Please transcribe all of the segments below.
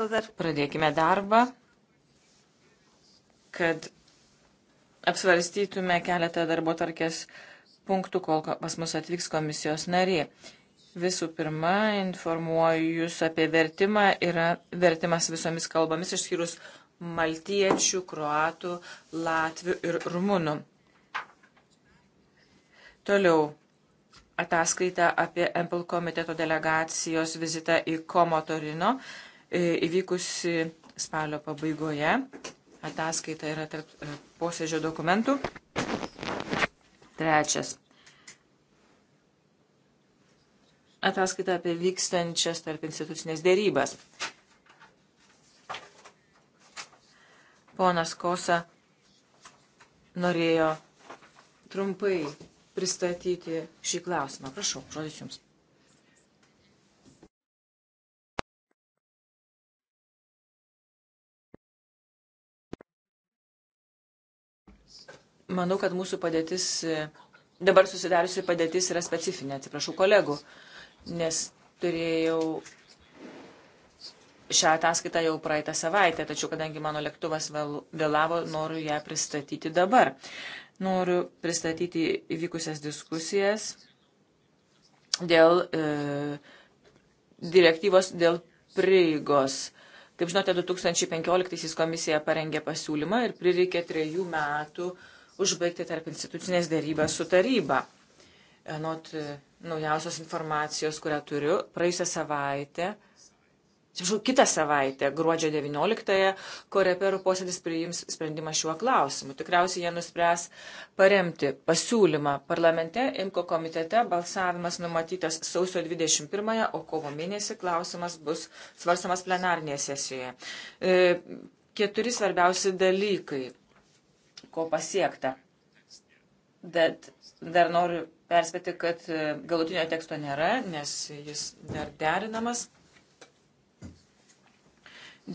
Pradėkime darbą, kad apsvarstytume keletą darbo tarkės punktų, kol pas mus atvyks komisijos narė. Visų pirma, informuoju Jūs apie vertimą. Yra vertimas visomis kalbomis, išskyrus maltiečių, kroatų, latvių ir rumunų. Toliau ataskaita apie Empel komiteto delegacijos vizitą į Komo Torino E, įvykusi spalio pabaigoje. Ataskaita yra tarp e, posėdžio dokumentų. Trečias. Ataskaita apie vykstančias tarp institucinės dėrybas. Ponas Kosa norėjo trumpai pristatyti šį klausimą. Prašau, žodis jums. Manau, kad mūsų padėtis, e, dabar susidariusi padėtis yra specifinė, atsiprašau kolegų, nes turėjau šią ataskaitą jau praeitą savaitę, tačiau kadangi mano lėktuvas vėlavo, noriu ją pristatyti dabar. Noriu pristatyti įvykusias diskusijas dėl e, direktyvos dėl prieigos. Kaip žinote, 2015 komisija parengė pasiūlymą ir prireikė trejų metų e, užbaigti tarp institucinės dėrybas su taryba. Anot e, naujausios informacijos, kurią turiu, praėjusią savaitę, atsiprašau, kitą savaitę, gruodžio 19-ąją, koreperų posėdis priims sprendimą šiuo klausimu. Tikriausiai jie nuspręs paremti pasiūlymą parlamente, imko komitete, balsavimas numatytas sausio 21-ąją, o kovo mėnesį klausimas bus svarstamas plenarnėje sesijoje. E, keturi svarbiausi dalykai ko pasiekta. Bet dar noriu perspėti, kad e, galutinio teksto nėra, nes jis dar derinamas.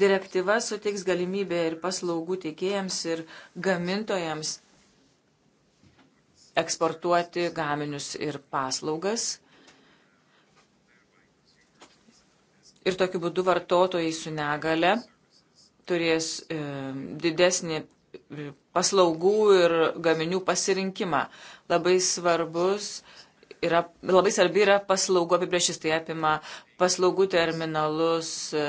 Direktyva suteiks galimybę ir paslaugų teikėjams ir gamintojams eksportuoti gaminius ir paslaugas. Ir tokiu būdu vartotojai su negale turės e, didesnį paslaugų ir gaminių pasirinkimą. Labai svarbus yra, labai svarbi yra paslaugų apibriešis, tai apima paslaugų terminalus e,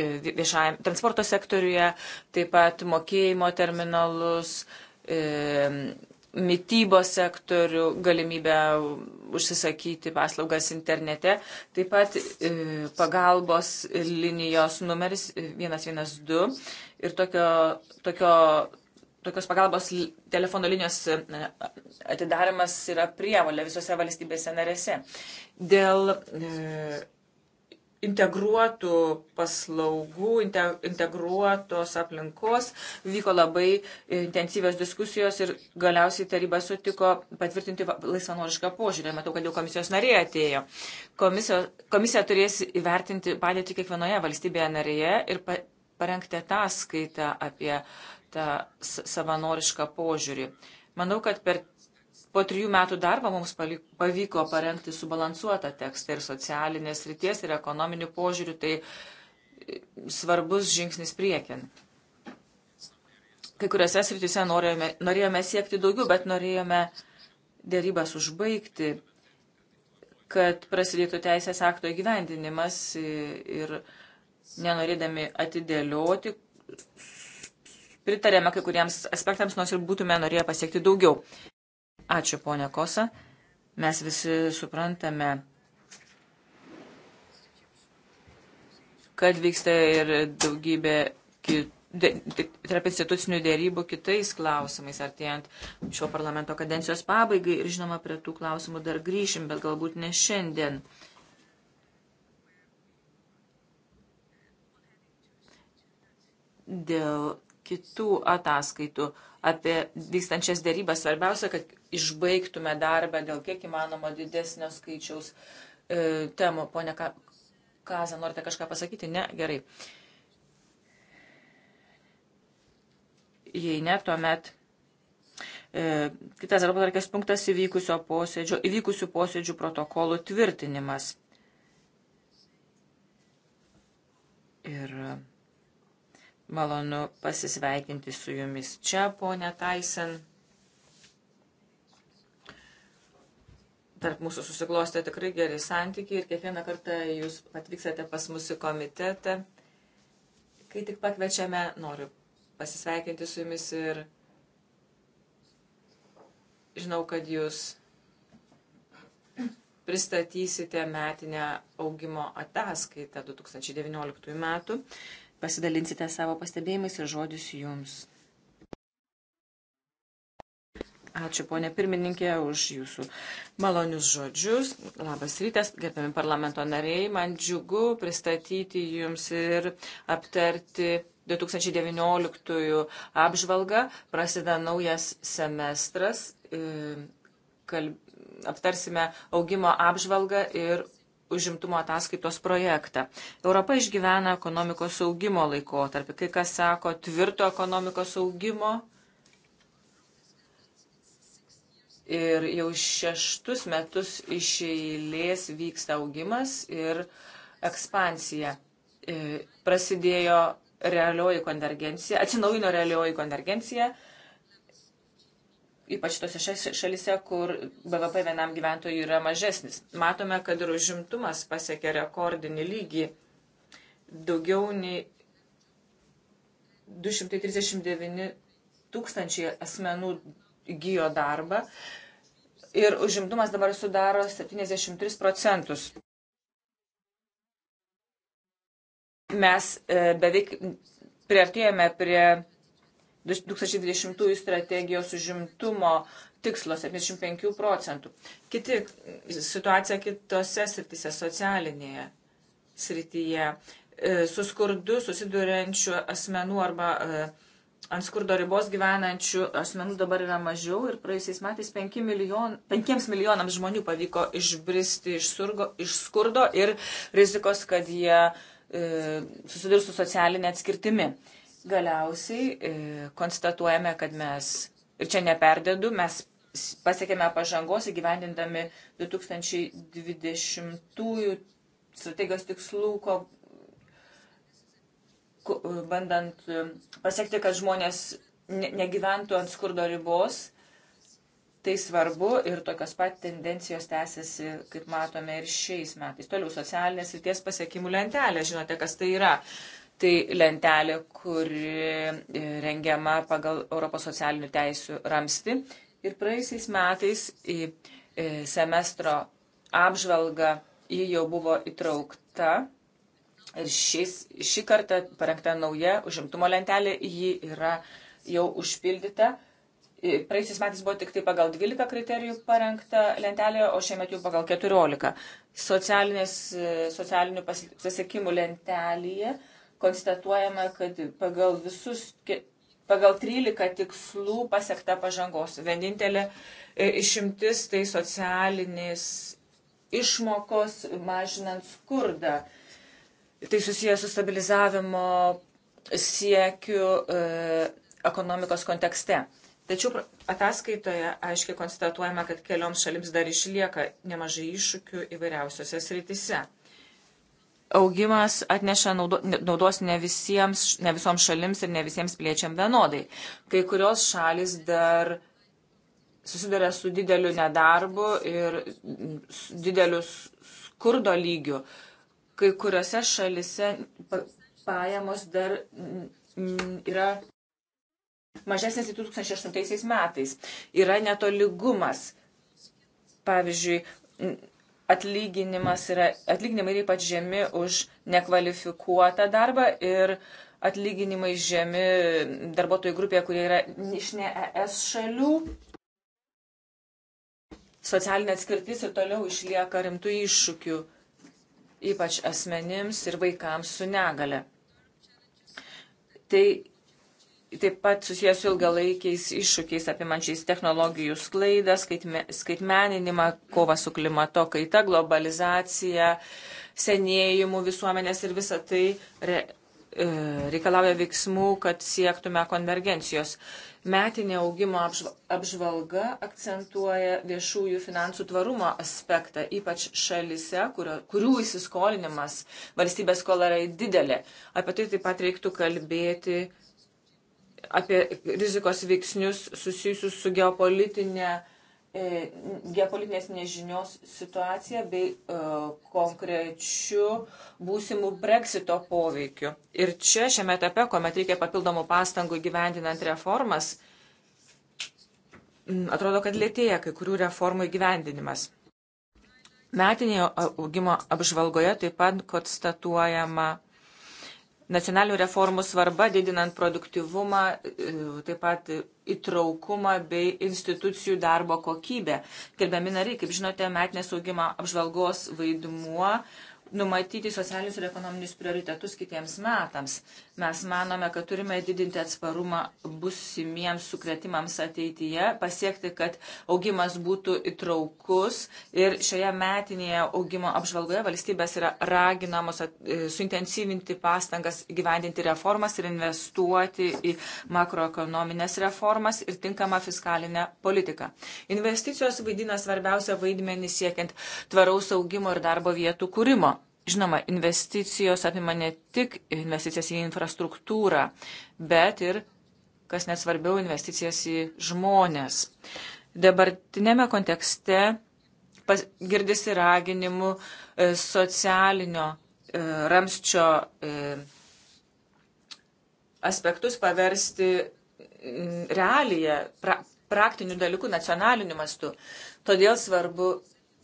e, viešajam transporto sektoriuje, taip pat mokėjimo terminalus, e, mytybos sektorių, galimybę užsisakyti paslaugas internete, taip pat e, pagalbos linijos numeris 112 ir tokio, tokio tokios pagalbos telefono linijos e, atidarimas yra prievalė visose valstybėse narėse. Dėl e, integruotų paslaugų, inte, integruotos aplinkos vyko labai intensyvios diskusijos ir galiausiai taryba sutiko patvirtinti laisvanorišką požiūrį. Matau, kad jau komisijos narė atėjo. Komisijos, komisija turės įvertinti padėtį kiekvienoje valstybėje narėje ir pa, parengti ataskaitą apie tą savanorišką požiūrį. Manau, kad per po trijų metų darbo mums pavyko parengti subalansuotą tekstą ir socialinės ryties ir ekonominių požiūrių, tai e, svarbus žingsnis priekin. Kai kuriuose srityse norėjome, norėjome siekti daugiau, bet norėjome dėrybas užbaigti, kad prasidėtų teisės akto įgyvendinimas ir nenorėdami atidėlioti, pritarėme kai kuriems aspektams, nors ir būtume norėję pasiekti daugiau. Ačiū, ponė Kosa. Mes visi suprantame, kad vyksta ir daugybė kitų tarp institucinių dėrybų kitais klausimais, artėjant šio parlamento kadencijos pabaigai ir žinoma, prie tų klausimų dar grįšim, bet galbūt ne šiandien. Dėl kitų ataskaitų apie vykstančias dėrybas. Svarbiausia, kad išbaigtume darbą dėl kiek įmanoma didesnio skaičiaus e, temų. Pone Kaza, norite kažką pasakyti? Ne? Gerai. Jei ne, tuomet. E, kitas arba tarkės punktas įvykusio posėdžio, įvykusių posėdžių protokolų tvirtinimas. Ir Malonu pasisveikinti su jumis čia, ponė Tyson. Tarp mūsų susiklostė tikrai geri santykiai ir kiekvieną kartą jūs atvyksate pas mūsų komitetą. Kai tik pakviečiame, noriu pasisveikinti su jumis ir žinau, kad jūs pristatysite metinę augimo ataskaitą 2019 metų pasidalinsite savo pastebėjimais ir žodis jums. Ačiū, ponė pirmininkė, už jūsų malonius žodžius. Labas rytas, gerbiami parlamento nariai. Man džiugu pristatyti jums ir aptarti 2019 apžvalgą. Prasideda naujas semestras. Kalb... Aptarsime augimo apžvalgą ir užimtumo ataskaitos projektą. Europa išgyvena ekonomikos augimo laikotarpį. Kai kas sako tvirto ekonomikos augimo. Ir jau šeštus metus iš eilės vyksta augimas ir ekspansija. E, prasidėjo realioji konvergencija, atsinaujino realioji konvergencija ypač tose šalise, kur BVP vienam gyventojui yra mažesnis. Matome, kad ir užimtumas pasiekė rekordinį lygį. Daugiau nei 239 tūkstančiai asmenų įgyjo darbą ir užimtumas dabar sudaro 73 procentus. Mes e, beveik priartėjome prie 2020 strategijos užimtumo tikslo 75 procentų. Kiti situacija kitose srityse, socialinėje srityje, e, su skurdu susiduriančių asmenų arba e, ant skurdo ribos gyvenančių asmenų dabar yra mažiau ir praėjusiais metais 5 milijon, 5 milijonams žmonių pavyko išbristi iš, surgo, iš skurdo ir rizikos, kad jie e, susidurs su socialinė atskirtimi. E, Galiausiai e, konstatuojame, kad mes, ir čia neperdėdu, mes pasiekėme pažangos įgyvendindami 2020 strategijos tikslų, ko, ko, bandant e, pasiekti, kad žmonės ne, negyventų ant skurdo ribos. Tai svarbu ir tokios pat tendencijos tęsiasi, kaip matome, ir šiais metais. Toliau socialinės ir ties pasiekimų lentelė, žinote, kas tai yra. Uh, Tai lentelė, kuri e, rengiama pagal Europos socialinių teisių ramsti. Ir praeisiais metais į e, semestro apžvalgą ji jau buvo įtraukta. Ir šis, šį kartą parengta nauja užimtumo lentelė, ji yra jau užpildyta. E, praeisiais metais buvo tik tai pagal 12 kriterijų parengta lentelė, o šiemet jau pagal 14. Socialinių pasiekimų lentelėje konstatuojama, kad pagal visus, pagal 13 tikslų pasiekta pažangos. Vienintelė e, išimtis tai socialinės išmokos mažinant skurdą. Tai susijęs su stabilizavimo siekiu e, ekonomikos kontekste. Tačiau ataskaitoje aiškiai konstatuojama, kad kelioms šalims dar išlieka nemažai iššūkių įvairiausiose srityse augimas atneša naudos ne, visiems, ne visoms šalims ir ne visiems piliečiam vienodai. Kai kurios šalis dar susiduria su dideliu nedarbu ir dideliu skurdo lygiu. Kai kuriuose šalise pajamos dar yra mažesnės į 2008 metais. Yra netoligumas. Pavyzdžiui, atlyginimas yra, atlyginimai yra ypač žemi už nekvalifikuotą darbą ir atlyginimai žemi darbuotojų grupėje, kurie yra iš ne ES šalių. Socialinė atskirtis ir toliau išlieka rimtų iššūkių, ypač asmenims ir vaikams su negale. Tai taip pat susijęs su ilgalaikiais iššūkiais apimančiais technologijų sklaidą, skaitmeninimą, kovą su klimato kaita, globalizacija, senėjimu visuomenės ir visa tai re, e, reikalauja veiksmų, kad siektume konvergencijos. Metinė augimo apžvalga akcentuoja viešųjų finansų tvarumo aspektą, ypač šalise, kurio, kurių įsiskolinimas valstybės skola yra didelė. Apie tai taip pat reiktų kalbėti apie rizikos veiksnius susijusius su geopolitinė, e, geopolitinės nežinios situacija bei e, konkrečiu būsimų breksito poveikiu. Ir čia šiame etape, kuomet reikia papildomų pastangų gyvendinant reformas, atrodo, kad lėtėja kai kurių reformų įgyvendinimas. Metinėje augimo apžvalgoje taip pat konstatuojama nacionalinių reformų svarba, didinant produktivumą, e, taip pat įtraukumą bei institucijų darbo kokybę. Gerbiami nariai, kaip žinote, metinės augimo apžvalgos vaidmuo numatyti socialinius ir ekonominius prioritetus kitiems metams. Mes manome, kad turime didinti atsparumą busimiems sukretimams ateityje, pasiekti, kad augimas būtų įtraukus ir šioje metinėje augimo apžvalgoje valstybės yra raginamos e, suintensyvinti pastangas gyvendinti reformas ir investuoti į makroekonominės reformas ir tinkamą fiskalinę politiką. Investicijos vaidina svarbiausią vaidmenį siekiant tvaraus augimo ir darbo vietų kūrimo. Žinoma, investicijos apima ne tik investicijas į infrastruktūrą, bet ir, kas nesvarbiau, investicijas į žmonės. Dabartinėme kontekste pas, girdisi raginimų e, socialinio e, ramščio e, aspektus paversti realiją, pra, praktinių dalykų nacionaliniu mastu. Todėl svarbu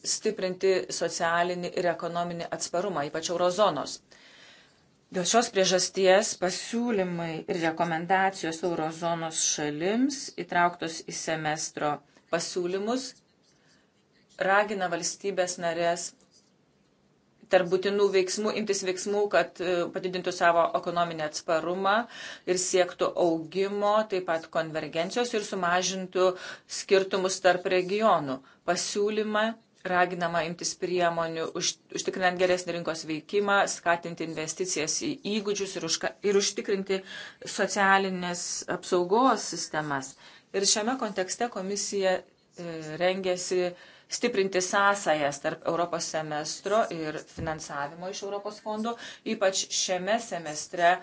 stiprinti socialinį ir ekonominį atsparumą, ypač eurozonos. Dėl šios priežasties pasiūlymai ir rekomendacijos eurozonos šalims įtrauktos į semestro pasiūlymus ragina valstybės narės tarp būtinų veiksmų, imtis veiksmų, kad e, padidintų savo ekonominį atsparumą ir siektų augimo, taip pat konvergencijos ir sumažintų skirtumus tarp regionų. Pasiūlymą raginama imtis priemonių, už, užtikrinant geresnį rinkos veikimą, skatinti investicijas į įgūdžius ir, užka, ir užtikrinti socialinės apsaugos sistemas. Ir šiame kontekste komisija e, rengėsi stiprinti sąsajas tarp Europos semestro ir finansavimo iš Europos fondų. Ypač šiame semestre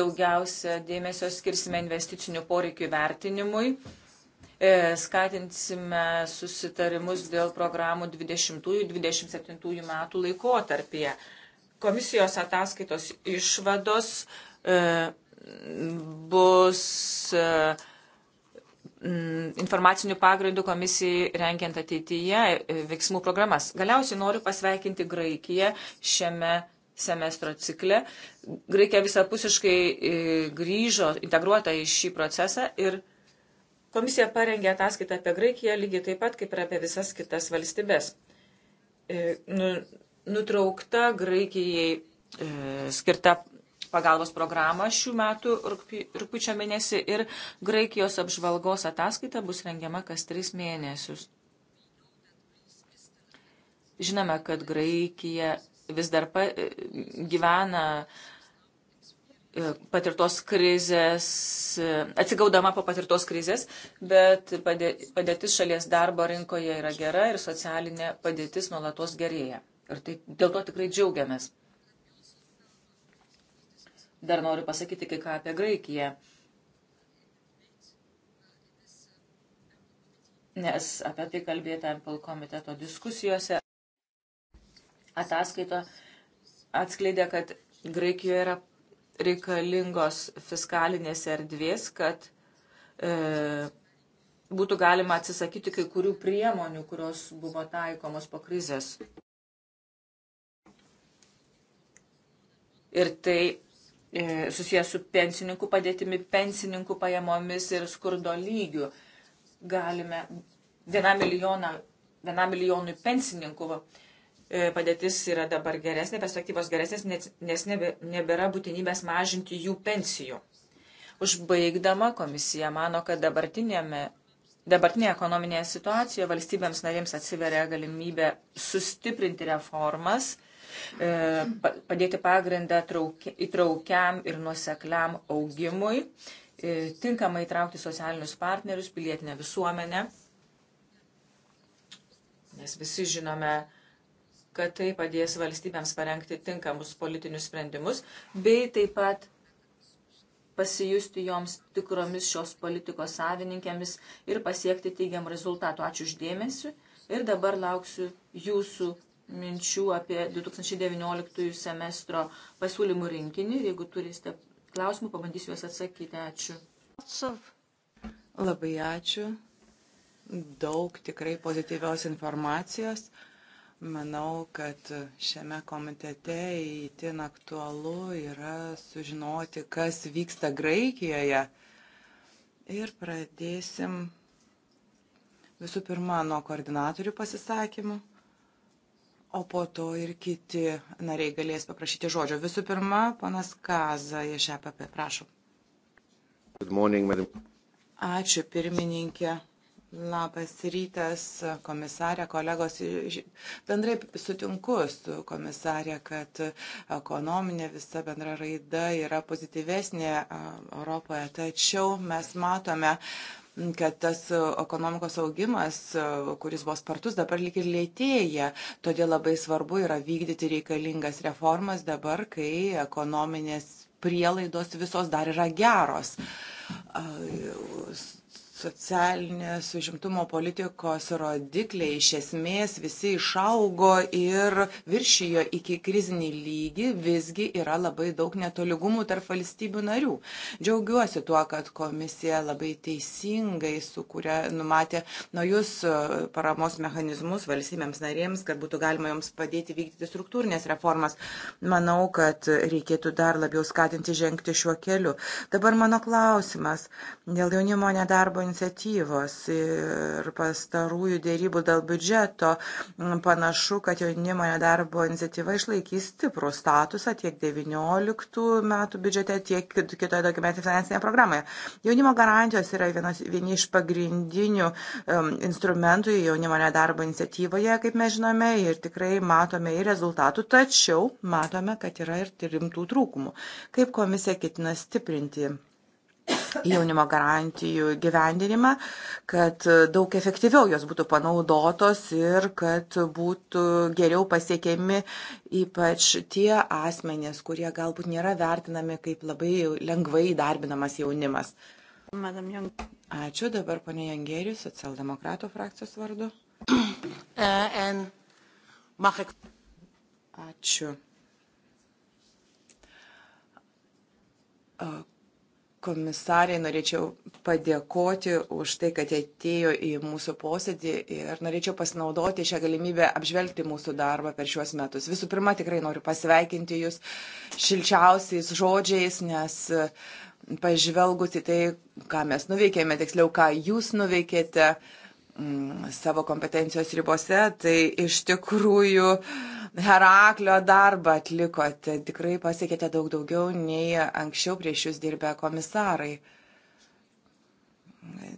daugiausia dėmesio skirsime investicinių poreikių vertinimui E, skatinsime susitarimus dėl programų 20-27 metų laikotarpyje. Komisijos ataskaitos išvados e, bus e, mm, informacinių pagrindų komisijai renkiant ateityje veiksmų programas. Galiausiai noriu pasveikinti Graikiją šiame semestro cikle. Graikija visapusiškai grįžo integruota į šį procesą ir Komisija parengė ataskaitą apie Graikiją lygiai taip pat kaip ir apie visas kitas valstybės. E, nu, nutraukta Graikijai e, skirta pagalbos programą šių metų rūpiučio mėnesį ir Graikijos apžvalgos ataskaita bus rengiama kas tris mėnesius. Žinome, kad Graikija vis dar pa, e, gyvena uh, E, patirtos krizės, e, atsigaudama po patirtos krizės, bet padėtis šalies darbo rinkoje yra gera ir socialinė padėtis nuolatos gerėja. Ir tai, dėl to tikrai džiaugiamės. Dar noriu pasakyti kai ką apie Graikiją. Nes apie tai kalbėta MPL komiteto diskusijose. Ataskaito atskleidė, kad Graikijoje yra reikalingos fiskalinės erdvės, kad e, būtų galima atsisakyti kai kurių priemonių, kurios buvo taikomos po krizės. Ir tai e, susijęs su pensininkų padėtimi, pensininkų pajamomis ir skurdo lygiu. Galime vienam, milijoną, vienam milijonui pensininkų E, padėtis yra dabar geresnė, perspektyvos geresnės, nes nebėra būtinybės mažinti jų pensijų. Užbaigdama komisija mano, kad dabartinėme Dabartinėje ekonominėje situacijoje valstybėms narėms atsiveria galimybė sustiprinti reformas, e, padėti pagrindą įtraukiam ir nuosekliam augimui, e, tinkamai įtraukti socialinius partnerius, pilietinę visuomenę. Nes visi žinome, kad tai padės valstybėms parengti tinkamus politinius sprendimus, bei taip pat pasijusti joms tikromis šios politikos savininkėmis ir pasiekti teigiamų rezultatų. Ačiū uždėmesi ir dabar lauksiu jūsų minčių apie 2019 semestro pasiūlymų rinkinį ir jeigu turite klausimų, pabandysiu juos atsakyti. Ačiū. Labai ačiū. Daug tikrai pozityvios informacijos. Manau, kad šiame komitete įtin aktualu yra sužinoti, kas vyksta Graikijoje. Ir pradėsim visų pirma nuo koordinatorių pasisakymų, o po to ir kiti nariai galės paprašyti žodžio. Visų pirma, panas Kaza iš EPP, prašau. Morning, Ačiū pirmininkė. Labas rytas, komisarė, kolegos. Bendrai sutinku su komisarė, kad ekonominė visa bendra raida yra pozityvesnė Europoje, tačiau mes matome, kad tas ekonomikos augimas, kuris buvo spartus, dabar lyg ir lėtėja. Todėl labai svarbu yra vykdyti reikalingas reformas dabar, kai ekonominės prielaidos visos dar yra geros socialinės užimtumo politikos rodikliai iš esmės visi išaugo ir viršijo iki krizinį lygį, visgi yra labai daug netoligumų tarp valstybių narių. Džiaugiuosi tuo, kad komisija labai teisingai sukūrė, numatė naujus e, paramos mechanizmus valstybėms narėms, kad būtų galima joms padėti vykdyti struktūrinės reformas. Manau, kad reikėtų dar labiau skatinti žengti šiuo keliu. Dabar mano klausimas dėl jaunimo nedarbo iniciatyvos ir pastarųjų dėrybų dėl biudžeto panašu, kad jaunimo nedarbo iniciatyva išlaikys stiprų statusą tiek 19 metų biudžete, tiek kitoje dokumentinėje finansinėje programoje. Jaunimo garantijos yra vienos, vieni iš pagrindinių um, instrumentų jaunimo nedarbo iniciatyvoje, kaip mes žinome, ir tikrai matome ir rezultatų, tačiau matome, kad yra ir rimtų trūkumų. Kaip komisija ketina stiprinti jaunimo garantijų gyvendinimą, kad daug efektyviau jos būtų panaudotos ir kad būtų geriau pasiekiami ypač tie asmenės, kurie galbūt nėra vertinami kaip labai lengvai darbinamas jaunimas. Ačiū dabar ponė Jangerius, socialdemokratų frakcijos vardu. Uh, Ačiū uh, komisarei norėčiau padėkoti už tai, kad atėjo į mūsų posėdį ir norėčiau pasinaudoti šią galimybę apžvelgti mūsų darbą per šiuos metus. Visų pirma, tikrai noriu pasveikinti Jūs šilčiausiais žodžiais, nes e, pažvelgus į tai, ką mes nuveikėme, tiksliau, ką Jūs nuveikėte, uh, Mm, savo kompetencijos ribose, tai iš tikrųjų Heraklio darbą atlikote, tikrai pasiekėte daug daugiau nei anksčiau prieš jūs dirbę komisarai.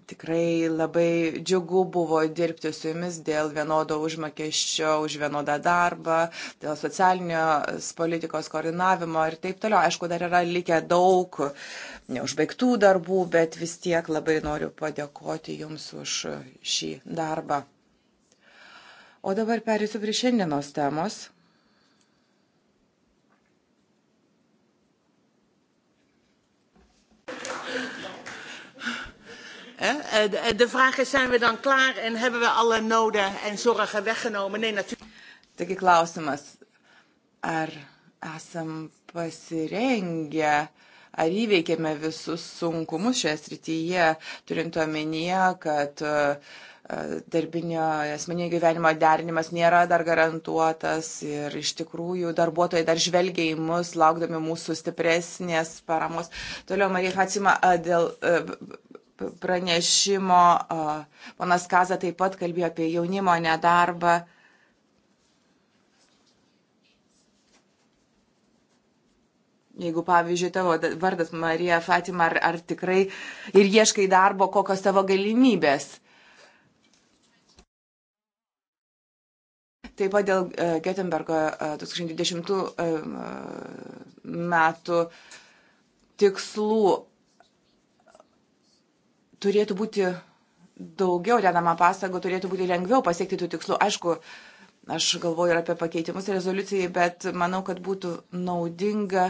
Tikrai labai džiugu buvo dirbti su jumis dėl vienodo užmokesčio už vienodą darbą, dėl socialinės politikos koordinavimo ir taip toliau. Aišku, dar yra likę daug neužbaigtų darbų, bet vis tiek labai noriu padėkoti jums už šį darbą. O dabar perėsiu prie šiandienos temos. Eh, eh, de vraag is, zijn we dan klaar en hebben we alle noden en zorgen weggenomen? Nee, natuurlijk. Taigi klausimas, ar esam pasirengę, ar įveikėme visus sunkumus šioje srityje, turint omenyje, kad uh, darbinio asmeninio gyvenimo derinimas nėra dar garantuotas ir iš tikrųjų darbuotojai dar žvelgia į mus, laukdami mūsų stipresnės paramos. Toliau Marija Hacima dėl pranešimo. Ponas Kaza taip pat kalbėjo apie jaunimo nedarbą. Jeigu, pavyzdžiui, tavo vardas Marija Fatima, ar, ar tikrai ir ieškai darbo, kokios tavo galimybės. Taip pat dėl e, Göteborgo 2020 e, e, metų tikslų turėtų būti daugiau dedama pastangų, turėtų būti lengviau pasiekti tų tikslų. Aišku, aš galvoju ir apie pakeitimus rezoliucijai, bet manau, kad būtų naudinga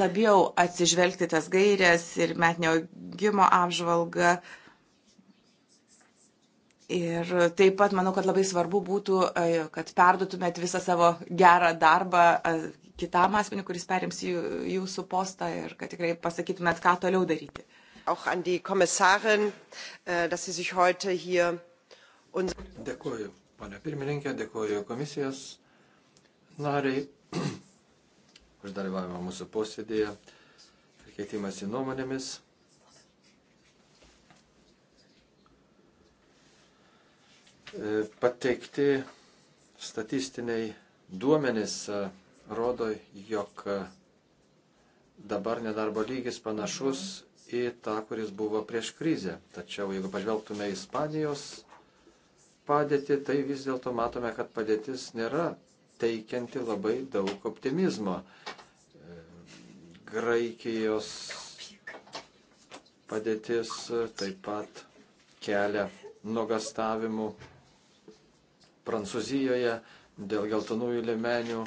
labiau atsižvelgti tas gairias ir metinio augimo apžvalgą. Ir taip pat manau, kad labai svarbu būtų, e, kad perdutumėt visą savo gerą darbą e, kitam asmeniu, kuris perims jūsų postą ir kad tikrai pasakytumėt, ką toliau daryti auch an die Kommissarin, äh, dass sie sich heute hier uns. Dėkuoju, ponia pirmininkė, dėkuoju komisijos nariai už dalyvavimą mūsų posėdėje ir keitimas į nuomonėmis. E, pateikti statistiniai duomenys e, rodo, jog e, dabar nedarbo lygis panašus į tą, kuris buvo prieš krizę. Tačiau jeigu pažvelgtume į Ispanijos padėtį, tai vis dėlto matome, kad padėtis nėra teikianti labai daug optimizmo. Graikijos padėtis taip pat kelia nuogastavimų Prancūzijoje dėl geltonųjų lėmenių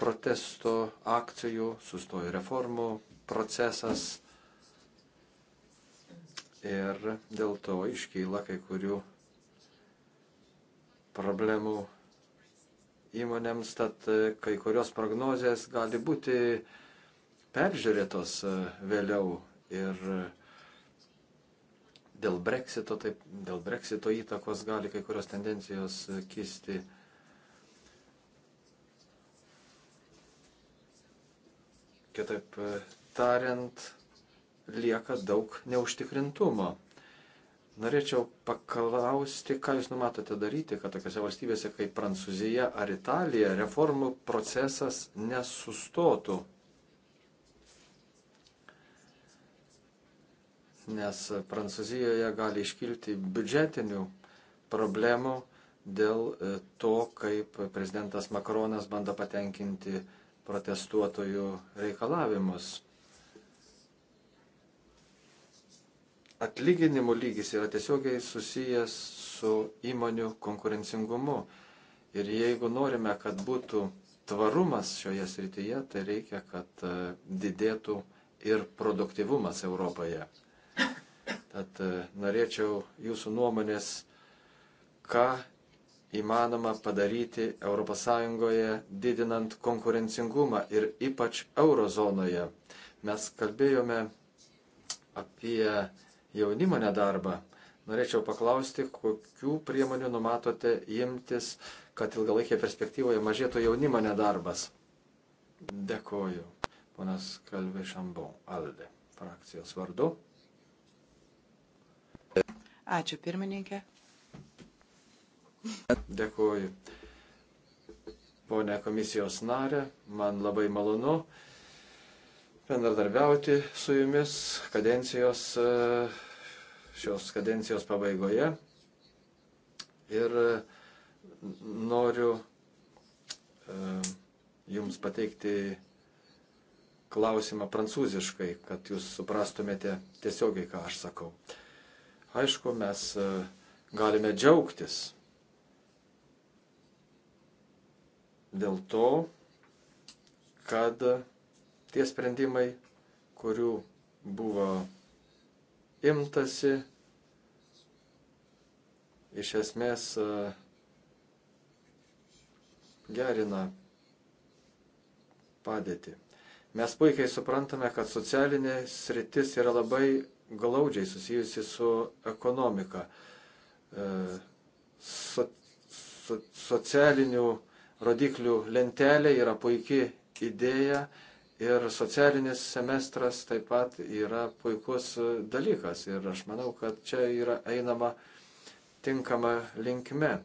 protesto akcijų, sustojo reformų procesas ir dėl to iškyla kai kurių problemų įmonėms, tad e, kai kurios prognozijas gali būti peržiūrėtos e, vėliau ir e, dėl breksito, taip, dėl breksito įtakos gali kai kurios tendencijos kisti. Kitaip tariant, lieka daug neužtikrintumo. Norėčiau paklausti, ką Jūs numatote daryti, kad tokiose valstybėse kaip Prancūzija ar Italija reformų procesas nesustotų. Nes Prancūzijoje gali iškilti biudžetinių problemų dėl e, to, kaip prezidentas Makronas bando patenkinti protestuotojų reikalavimus. atlyginimų lygis yra tiesiogiai susijęs su įmonių konkurencingumu. Ir jeigu norime, kad būtų tvarumas šioje srityje, tai reikia, kad e, didėtų ir produktivumas Europoje. Tad e, norėčiau jūsų nuomonės, ką įmanoma padaryti ES didinant konkurencingumą ir ypač eurozonoje. Mes kalbėjome apie jaunimo nedarbą. Norėčiau paklausti, kokių priemonių numatote imtis, kad ilgalaikėje perspektyvoje mažėtų jaunimo nedarbas. Dėkoju, ponas Kalvė Šambon, Alde, frakcijos vardu. Ačiū, pirmininkė. Dėkoju. Pone komisijos narė, man labai malonu bendradarbiauti su jumis kadencijos, e, šios kadencijos pabaigoje. Ir e, noriu e, jums pateikti klausimą prancūziškai, kad jūs suprastumėte tiesiogiai, ką aš sakau. Aišku, mes galime džiaugtis dėl to, kad tie sprendimai, kurių buvo imtasi, iš esmės gerina padėtį. Mes puikiai suprantame, kad socialinė sritis yra labai glaudžiai susijusi su ekonomika, e, so, so, socialinių rodiklių lentelė yra puikia idėja ir socialinis semestras taip pat yra puikus dalykas. Ir aš manau, kad čia yra einama tinkama linkme.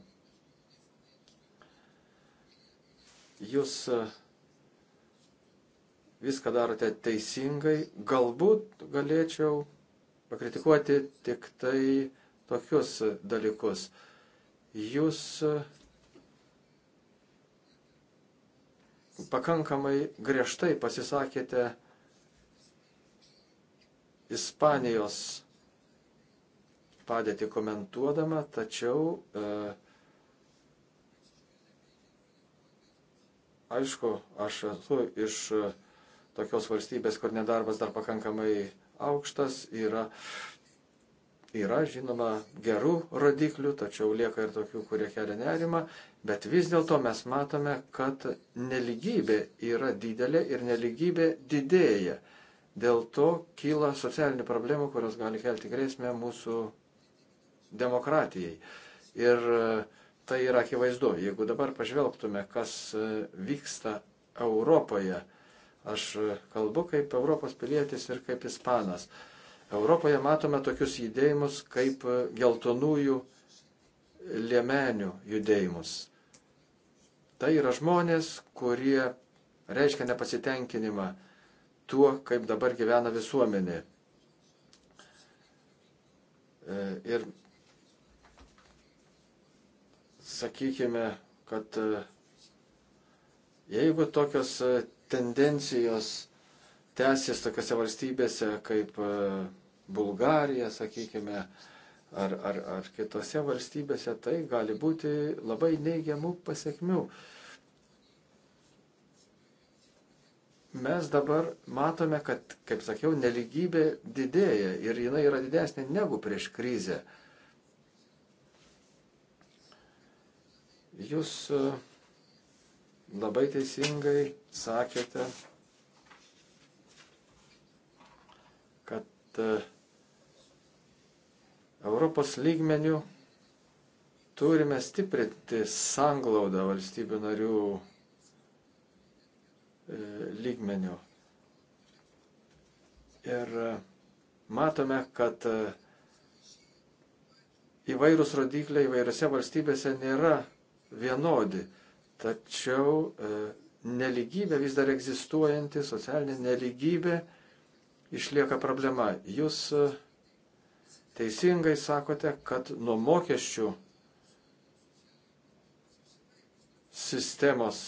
Jūs e, viską darote teisingai, galbūt galėčiau pakritikuoti tik tai tokius dalykus. Jūs e, pakankamai griežtai pasisakėte Ispanijos padėtį komentuodama, tačiau e, aišku, aš esu iš e, tokios valstybės, kur nedarbas dar pakankamai aukštas, yra Yra, žinoma, gerų rodiklių, tačiau lieka ir tokių, kurie kelia nerimą, bet vis dėlto mes matome, kad neligybė yra didelė ir neligybė didėja. Dėl to kyla socialinių problemų, kurios gali kelti grėsmę mūsų demokratijai. Ir e, tai yra akivaizdu. Jeigu dabar pažvelgtume, kas e, vyksta Europoje, aš e, kalbu kaip Europos pilietis ir kaip ispanas. Europoje matome tokius judėjimus kaip geltonųjų liemenių judėjimus. Tai yra žmonės, kurie reiškia nepasitenkinimą tuo, kaip dabar gyvena visuomenė. E, ir sakykime, kad e, jeigu tokios e, tendencijos tęsis tokiose valstybėse kaip Bulgarija, sakykime, ar, ar, ar kitose valstybėse, tai gali būti labai neigiamų pasiekmių. Mes dabar matome, kad, kaip sakiau, neligybė didėja ir jinai yra didesnė negu prieš krizę. Jūs e, labai teisingai sakėte, kad e, Europos lygmenių turime stiprinti sanglaudą valstybių narių e, lygmenių. Ir e, matome, kad e, įvairūs rodikliai įvairiose valstybėse nėra vienodi, tačiau neligybė vis dar egzistuojanti, socialinė neligybė išlieka problema. Jūs teisingai sakote, kad nuo mokesčių sistemos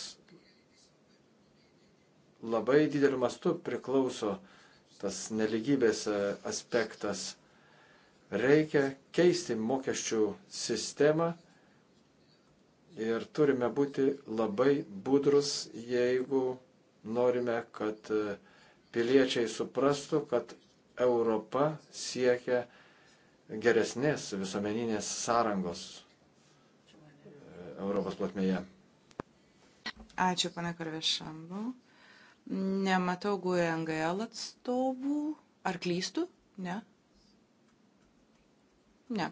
labai dideliu mastu priklauso tas neligybės e, aspektas. Reikia keisti mokesčių sistemą ir turime būti labai budrus, jeigu norime, kad e, piliečiai suprastų, kad Europa siekia geresnės visuomeninės sąrangos e, Europos platmėje. Ačiū, pana Karvešambu. Nematau GUNGL atstovų. Ar klystų? Ne. Ne.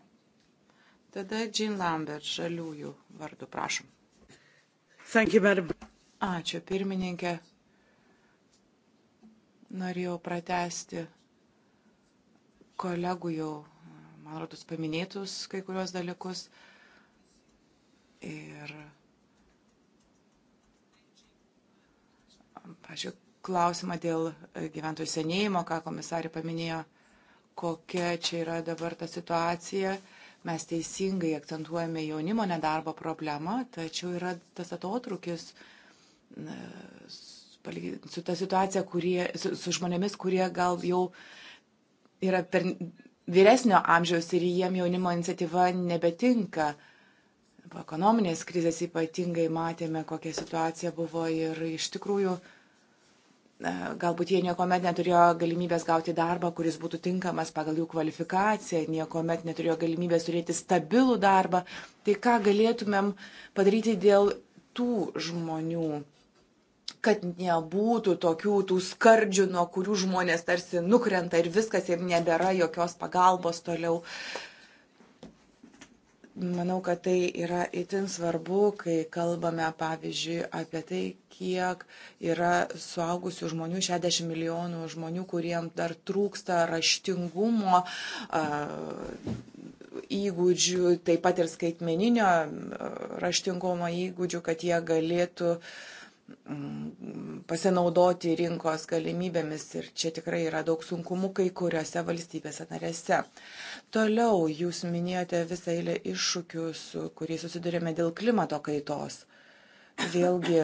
Tada Jean Lambert, žaliųjų vardu, prašom. Thank you, madam. Ačiū, pirmininkė. Norėjau pratesti kolegų jau man rodos, paminėtus kai kuriuos dalykus. Ir, pažiūrėjau, klausimą dėl gyventojų senėjimo, ką komisarė paminėjo, kokia čia yra dabar ta situacija. Mes teisingai akcentuojame jaunimo nedarbo problemą, tačiau yra tas atotrukis su ta situacija, kurie, su, su žmonėmis, kurie gal jau yra per, vyresnio amžiaus ir jiem jaunimo iniciatyva nebetinka. Po ekonominės krizės ypatingai matėme, kokia situacija buvo ir iš tikrųjų galbūt jie niekuomet neturėjo galimybės gauti darbą, kuris būtų tinkamas pagal jų kvalifikaciją, niekuomet neturėjo galimybės turėti stabilų darbą. Tai ką galėtumėm padaryti dėl tų žmonių? kad nebūtų tokių tų skardžių, nuo kurių žmonės tarsi nukrenta ir viskas ir nebėra jokios pagalbos toliau. Manau, kad tai yra itin svarbu, kai kalbame, pavyzdžiui, apie tai, kiek yra suaugusių žmonių, 60 milijonų žmonių, kuriems dar trūksta raštingumo. Uh, įgūdžių, taip pat ir skaitmeninio raštingumo įgūdžių, kad jie galėtų uh, Mm, pasinaudoti rinkos galimybėmis ir čia tikrai yra daug sunkumų kai kuriuose valstybėse narėse. Toliau jūs minėjote visą eilę iššūkių, su kuriais susidurėme dėl klimato kaitos. Vėlgi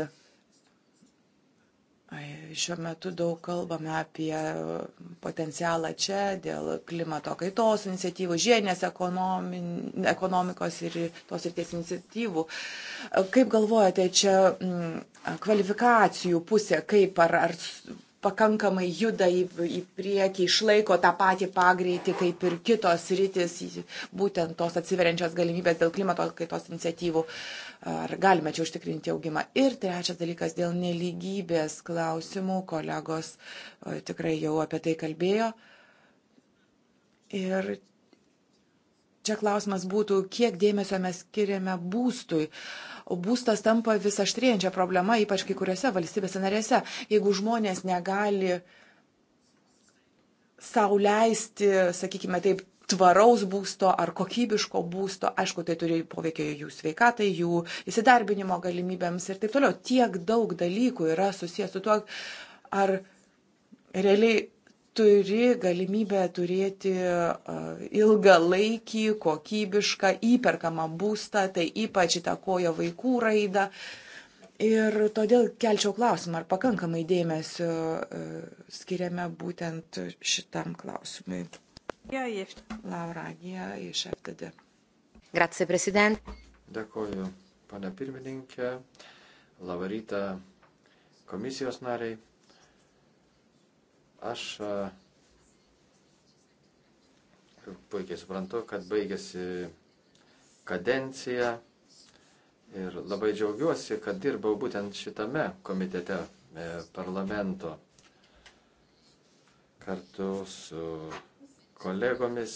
Šiuo metu daug kalbame apie potencialą čia dėl klimato kaitos iniciatyvų, žienės ekonomikos ir tos ir ties iniciatyvų. Kaip galvojate, čia mm, kvalifikacijų pusė, kaip ar, ar pakankamai juda į, į priekį, išlaiko tą patį pagreitį kaip ir kitos rytis, būtent tos atsiveriančios galimybės dėl klimato kaitos iniciatyvų. Uh, ar galime čia užtikrinti augimą. Ir trečias dalykas dėl neligybės klausimų, kolegos tikrai jau apie tai kalbėjo. Ir čia klausimas būtų, kiek dėmesio mes skiriame būstui. O būstas tampa vis aštrėjančia problema, ypač kai kuriuose valstybėse narėse. Jeigu žmonės negali sauliaisti, sakykime taip, tvaraus būsto ar kokybiško būsto, aišku, tai turi poveikio jų sveikatai, jų įsidarbinimo galimybėms ir taip toliau. Tiek daug dalykų yra susijęs su tuo, ar realiai turi galimybę turėti ilgalaikį, kokybišką, įperkamą būstą, tai ypač įtakoja vaikų raidą. Ir todėl kelčiau klausimą, ar pakankamai dėmesio skiriame būtent šitam klausimui. Laura Agija iš FTD. Grazie, prezident. Dėkuoju, pane pirmininkė. Labą rytą komisijos nariai. Aš puikiai suprantu, kad baigėsi kadencija ir labai džiaugiuosi, kad dirbau būtent šitame komitete e, parlamento kartu su kolegomis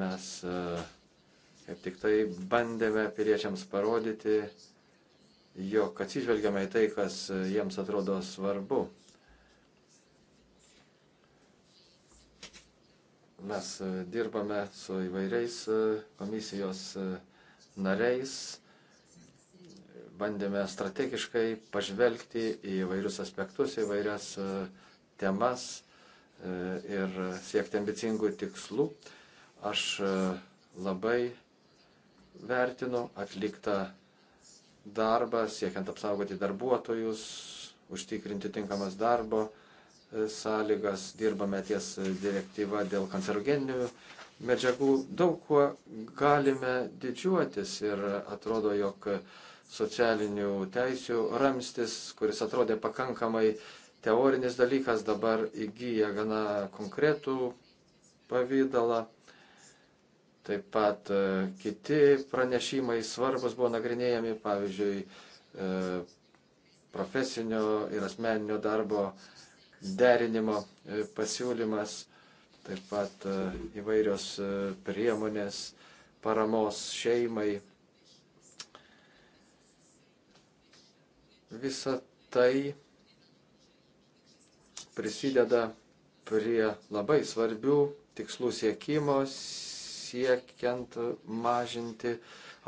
mes e, kaip tik tai bandėme piliečiams parodyti, jog atsižvelgiame į tai, kas e, jiems atrodo svarbu. Mes e, dirbame su įvairiais komisijos nariais, bandėme strategiškai pažvelgti į įvairius aspektus, įvairias temas E, ir siekti ambicingų tikslų. Aš e, labai vertinu atliktą darbą, siekiant apsaugoti darbuotojus, užtikrinti tinkamas darbo e, sąlygas, dirbame ties direktyva dėl kancerogeninių medžiagų. Daug kuo galime didžiuotis ir atrodo, jog socialinių teisių ramstis, kuris atrodė pakankamai teorinis dalykas dabar įgyja gana konkretų pavydalą. Taip pat e, kiti pranešimai svarbus buvo nagrinėjami, pavyzdžiui, e, profesinio ir asmeninio darbo derinimo e, pasiūlymas, taip pat įvairios priemonės paramos šeimai. Visa tai prisideda prie labai svarbių tikslų siekimo, siekiant mažinti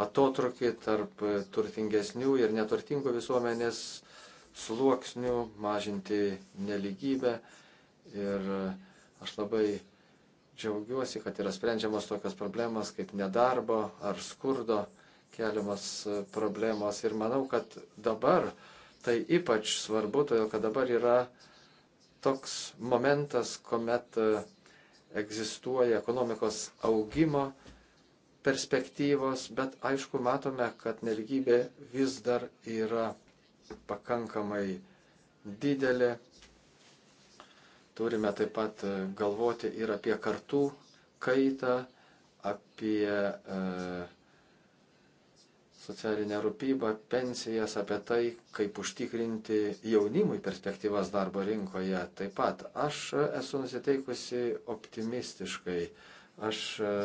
atotrukį tarp turtingesnių ir neturtingų visuomenės sluoksnių, mažinti neligybę. Ir aš labai džiaugiuosi, kad yra sprendžiamos tokios problemas kaip nedarbo ar skurdo keliamos problemos. Ir manau, kad dabar tai ypač svarbu, todėl kad dabar yra toks momentas, kuomet e, egzistuoja ekonomikos augimo perspektyvos, bet aišku matome, kad neligybė vis dar yra pakankamai didelė. Turime taip pat e, galvoti ir apie kartų kaitą, apie e, socialinę rūpybą, pensijas, apie tai, kaip užtikrinti jaunimui perspektyvas darbo rinkoje. Taip pat aš esu nusiteikusi optimistiškai. Aš e,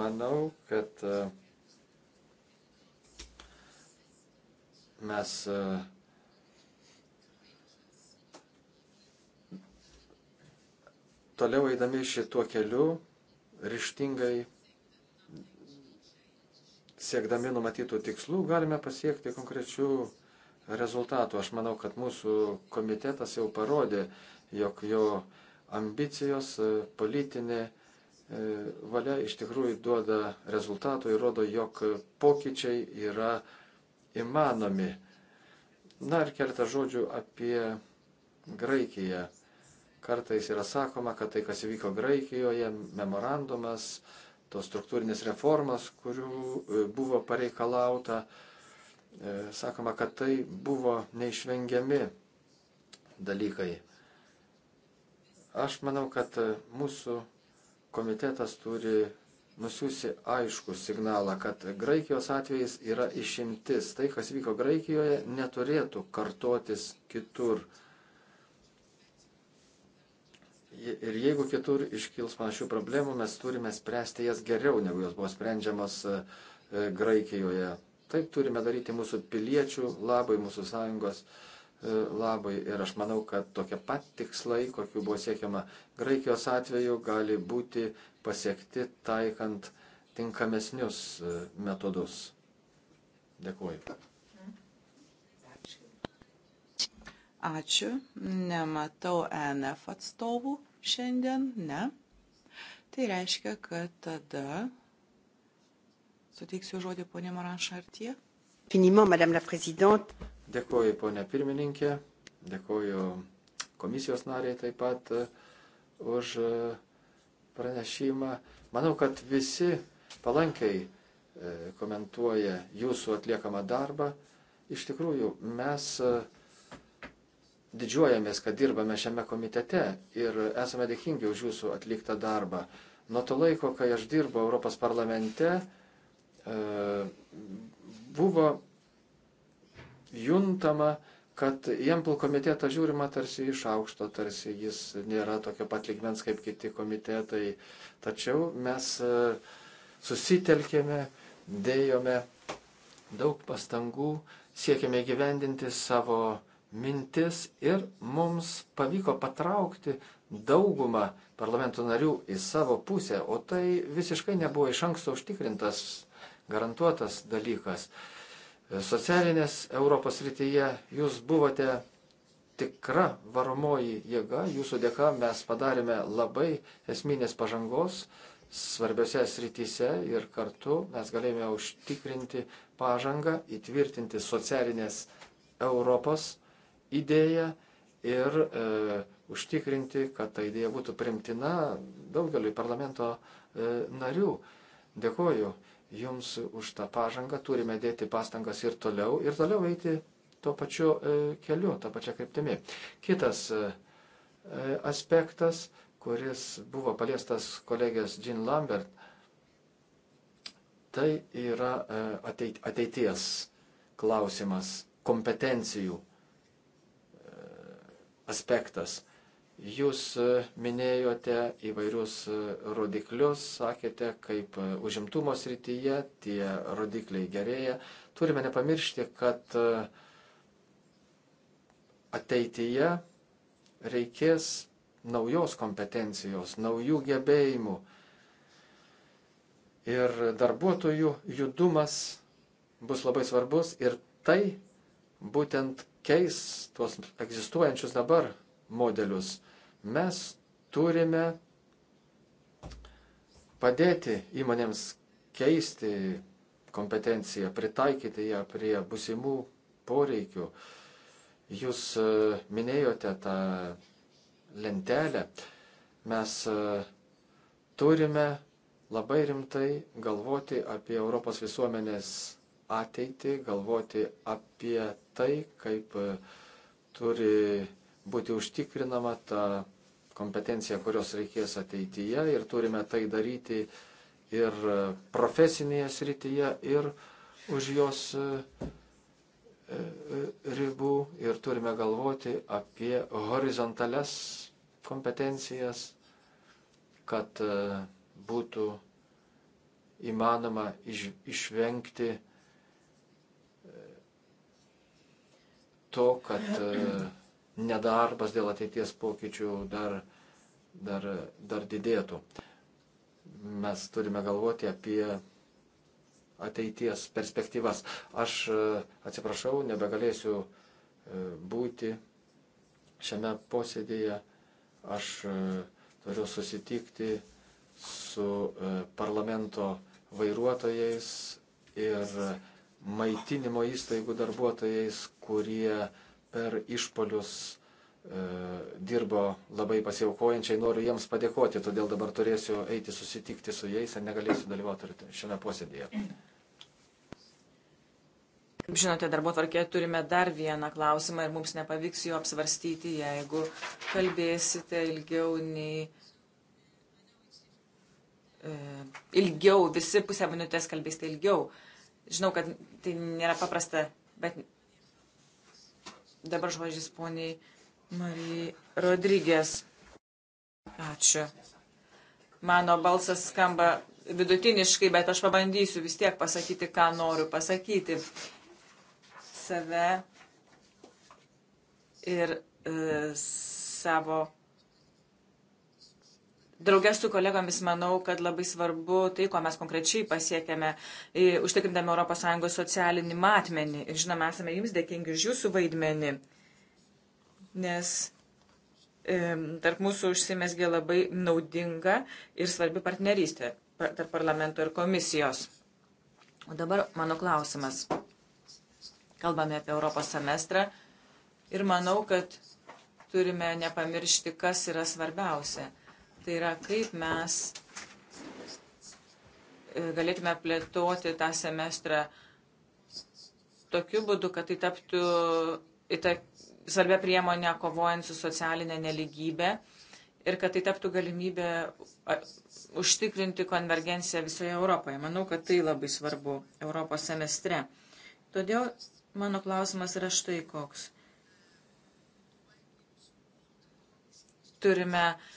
manau, kad e, mes e, toliau eidami šituo keliu ryštingai siekdami numatytų tikslų galime pasiekti konkrečių rezultatų. Aš manau, kad mūsų komitetas jau parodė, jog jo ambicijos, e, politinė e, valia iš tikrųjų duoda rezultatų ir rodo, jog pokyčiai yra įmanomi. Na ir keletą žodžių apie Graikiją. Kartais yra sakoma, kad tai, kas įvyko Graikijoje, memorandumas, tos struktūrinės reformas, kurių e, buvo pareikalauta. E, sakoma, kad tai buvo neišvengiami dalykai. Aš manau, kad e, mūsų komitetas turi nusiųsi aišku signalą, kad Graikijos atvejais yra išimtis. Tai, kas vyko Graikijoje, neturėtų kartotis kitur. Ir jeigu kitur iškils panašių problemų, mes turime spręsti jas geriau, negu jos buvo sprendžiamas e, e, Graikijoje. Taip turime daryti mūsų piliečių labai, mūsų sąjungos e, labai. Ir aš manau, kad tokie pat tikslai, kokiu buvo siekiama Graikijos atveju, gali būti pasiekti taikant tinkamesnius metodus. Dėkuoju. Ačiū. Nematau ENF atstovų šiandien, ne. Tai reiškia, kad tada suteiksiu žodį ponė Moranšartie. Finimo, madame la prezidente. Dėkuoju, ponė pirmininkė. Dėkuoju komisijos nariai taip pat e, už e, pranešimą. Manau, kad visi palankiai e, komentuoja jūsų atliekamą darbą. Iš tikrųjų, mes didžiuojamės, kad dirbame šiame komitete ir esame dėkingi už jūsų atliktą darbą. Nuo to laiko, kai aš dirbau Europos parlamente, e, buvo juntama, kad Jempl komitetą žiūrima tarsi iš aukšto, tarsi jis nėra tokio pat ligmens kaip kiti komitetai. Tačiau mes e, susitelkėme, dėjome daug pastangų, siekėme gyvendinti savo uh, mintis ir mums pavyko patraukti daugumą parlamento narių į savo pusę, o tai visiškai nebuvo iš anksto užtikrintas, garantuotas dalykas. Socialinės Europos rytyje jūs buvote tikra varomoji jėga, jūsų dėka mes padarėme labai esminės pažangos svarbiose srityse ir kartu mes galėjome užtikrinti pažangą, įtvirtinti socialinės Europos idėją ir e, užtikrinti, kad ta idėja būtų primtina daugeliu parlamento e, narių. Dėkoju Jums už tą pažangą, turime dėti pastangas ir toliau, ir toliau eiti tuo pačiu e, keliu, tą pačią kryptimį. Kitas e, aspektas, kuris buvo paliestas kolegės Jean Lambert, tai yra e, ateities klausimas, kompetencijų aspektas. Jūs e, minėjote įvairius e, rodiklius, sakėte, kaip e, užimtumo srityje tie rodikliai gerėja. Turime nepamiršti, kad ateityje reikės naujos kompetencijos, naujų gebėjimų. Ir darbuotojų judumas bus labai svarbus ir tai būtent keis tuos egzistuojančius dabar modelius. Mes turime padėti įmonėms keisti kompetenciją, pritaikyti ją prie busimų poreikių. Jūs e, minėjote tą lentelę. Mes e, turime labai rimtai galvoti apie Europos visuomenės ateitį, galvoti apie tai, kaip e, turi būti užtikrinama ta kompetencija, kurios reikės ateityje ir turime tai daryti ir e, profesinėje srityje, ir už jos e, ribų ir turime galvoti apie horizontales kompetencijas, kad būtų įmanoma iš, išvengti to, kad e, nedarbas dėl ateities pokyčių dar, dar, dar didėtų. Mes turime galvoti apie ateities perspektyvas. Aš e, atsiprašau, nebegalėsiu e, būti šiame posėdėje. Aš turiu susitikti su parlamento vairuotojais ir maitinimo įstaigų darbuotojais, kurie per išpolius e, dirbo labai pasiaukojančiai. Noriu jiems padėkoti, todėl dabar turėsiu eiti susitikti su jais ir negalėsiu dalyvauti šiame posėdėje. Kaip žinote, darbo tvarkė turime dar vieną klausimą ir mums nepavyks jo apsvarstyti, jeigu kalbėsite ilgiau nei. E, ilgiau, visi pusę minutės kalbėsite ilgiau. E, Žinau, kad tai nėra paprasta, bet dabar žodžius poniai Marijai Rodrygės. Ačiū. Mano balsas skamba vidutiniškai, bet aš pabandysiu vis tiek pasakyti, ką noriu pasakyti. Save ir e, savo Draugės su kolegomis manau, kad labai svarbu tai, ko mes konkrečiai pasiekėme, užtikrindami ES socialinį matmenį. Ir žinoma, esame jums dėkingi už jūsų vaidmenį, nes e, tarp mūsų užsimesgė labai naudinga ir svarbi partnerystė tarp parlamento ir komisijos. O dabar mano klausimas. Kalbame apie Europos semestrą ir manau, kad turime nepamiršti, kas yra svarbiausia – Tai yra, kaip mes e, galėtume plėtoti tą semestrą tokiu būdu, kad tai taptų įtak, svarbia priemonė kovojant su socialinė neligybė ir kad tai taptų galimybė užtikrinti konvergenciją visoje Europoje. Manau, kad tai labai svarbu Europos semestre. Todėl mano klausimas yra štai koks. Turime uh,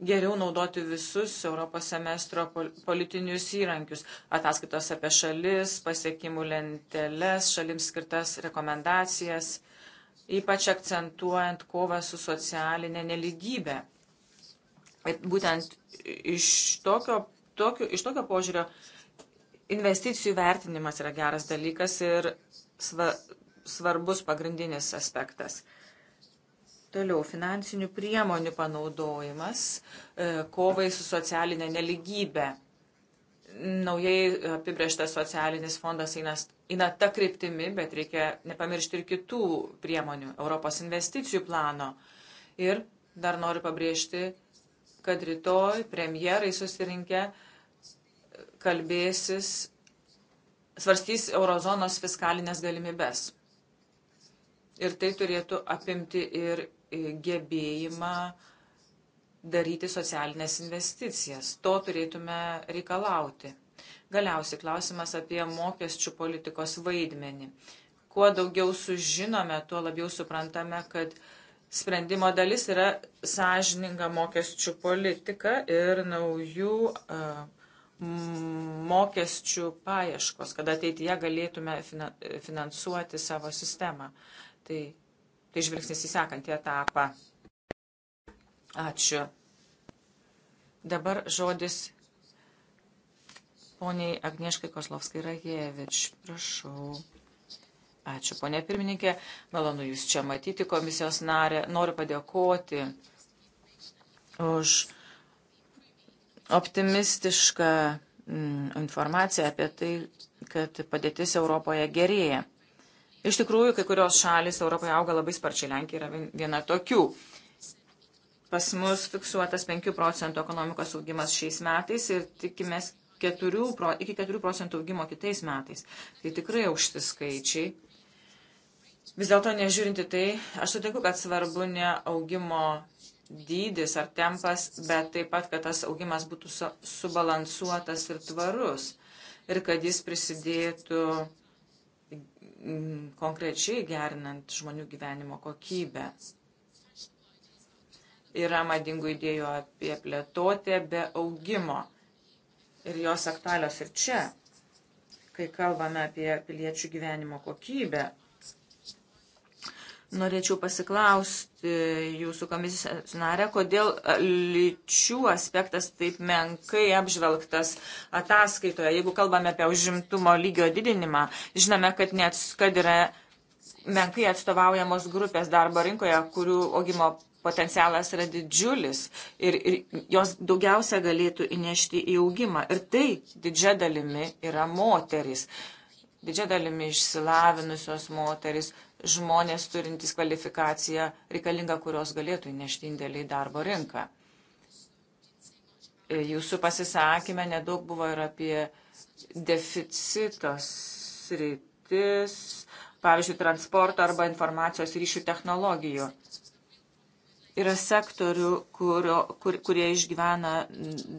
geriau naudoti visus Europos semestro politinius įrankius - ataskaitos apie šalis, pasiekimų lenteles, šalims skirtas rekomendacijas, ypač akcentuojant kovą su socialinė neligybė. Ir būtent iš tokio, tokio, iš tokio požiūrio investicijų vertinimas yra geras dalykas ir sva, svarbus pagrindinis aspektas. Toliau finansinių priemonių panaudojimas e, kovai su socialinė neligybė. Naujai apibrieštas socialinis fondas eina ta kryptimi, bet reikia nepamiršti ir kitų priemonių - Europos investicijų plano. Ir dar noriu pabrėžti, kad rytoj premjerai susirinkę kalbėsis, svarstys eurozonos fiskalinės galimybės. Ir tai turėtų apimti ir E, gebėjimą daryti socialinės investicijas. To turėtume reikalauti. Galiausiai klausimas apie mokesčių politikos vaidmenį. Kuo daugiau sužinome, tuo labiau suprantame, kad sprendimo dalis yra sąžininga mokesčių politika ir naujų uh, mokesčių paieškos, kad ateityje galėtume finansuoti savo sistemą. Tai Tai žvilgsnis į sekantį etapą. Ačiū. Dabar žodis poniai Agnieškai Koslovskai Rajevič. Prašau. Ačiū, ponė pirmininkė. Malonu Jūs čia matyti, komisijos narė. Noriu padėkoti už optimistišką mm, informaciją apie tai, kad padėtis Europoje gerėja. Iš tikrųjų, kai kurios šalis Europoje auga labai sparčiai, Lenkija yra viena tokių. Pas mus fiksuotas 5 procentų ekonomikos augimas šiais metais ir tikimės 4 pro, iki 4 procentų augimo kitais metais. Tai tikrai aukšti skaičiai. Vis dėlto nežiūrinti tai, aš sutinku, kad svarbu ne augimo dydis ar tempas, bet taip pat, kad tas augimas būtų subalansuotas ir tvarus ir kad jis prisidėtų Mm, konkrečiai gerinant žmonių gyvenimo kokybę. Yra madingų idėjų apie plėtotę be augimo ir jos aktualios ir čia, kai kalbame apie piliečių gyvenimo kokybę. Norėčiau pasiklausti jūsų komisijos narę, kodėl lyčių aspektas taip menkai apžvelgtas ataskaitoje. Jeigu kalbame apie užimtumo lygio didinimą, žinome, kad, net, kad yra menkai atstovaujamos grupės darbo rinkoje, kurių augimo potencialas yra didžiulis ir, ir jos daugiausia galėtų įnešti į augimą. Ir tai didžia dalimi yra moteris. Uh, didžia dalimi išsilavinusios moteris, žmonės turintys kvalifikaciją reikalingą, kurios galėtų įnešti indėlį į darbo rinką. E, jūsų pasisakymė nedaug buvo ir apie deficitos sritis, pavyzdžiui, transporto arba informacijos ryšių technologijų. Yra sektorių, kurio, kur, kurie išgyvena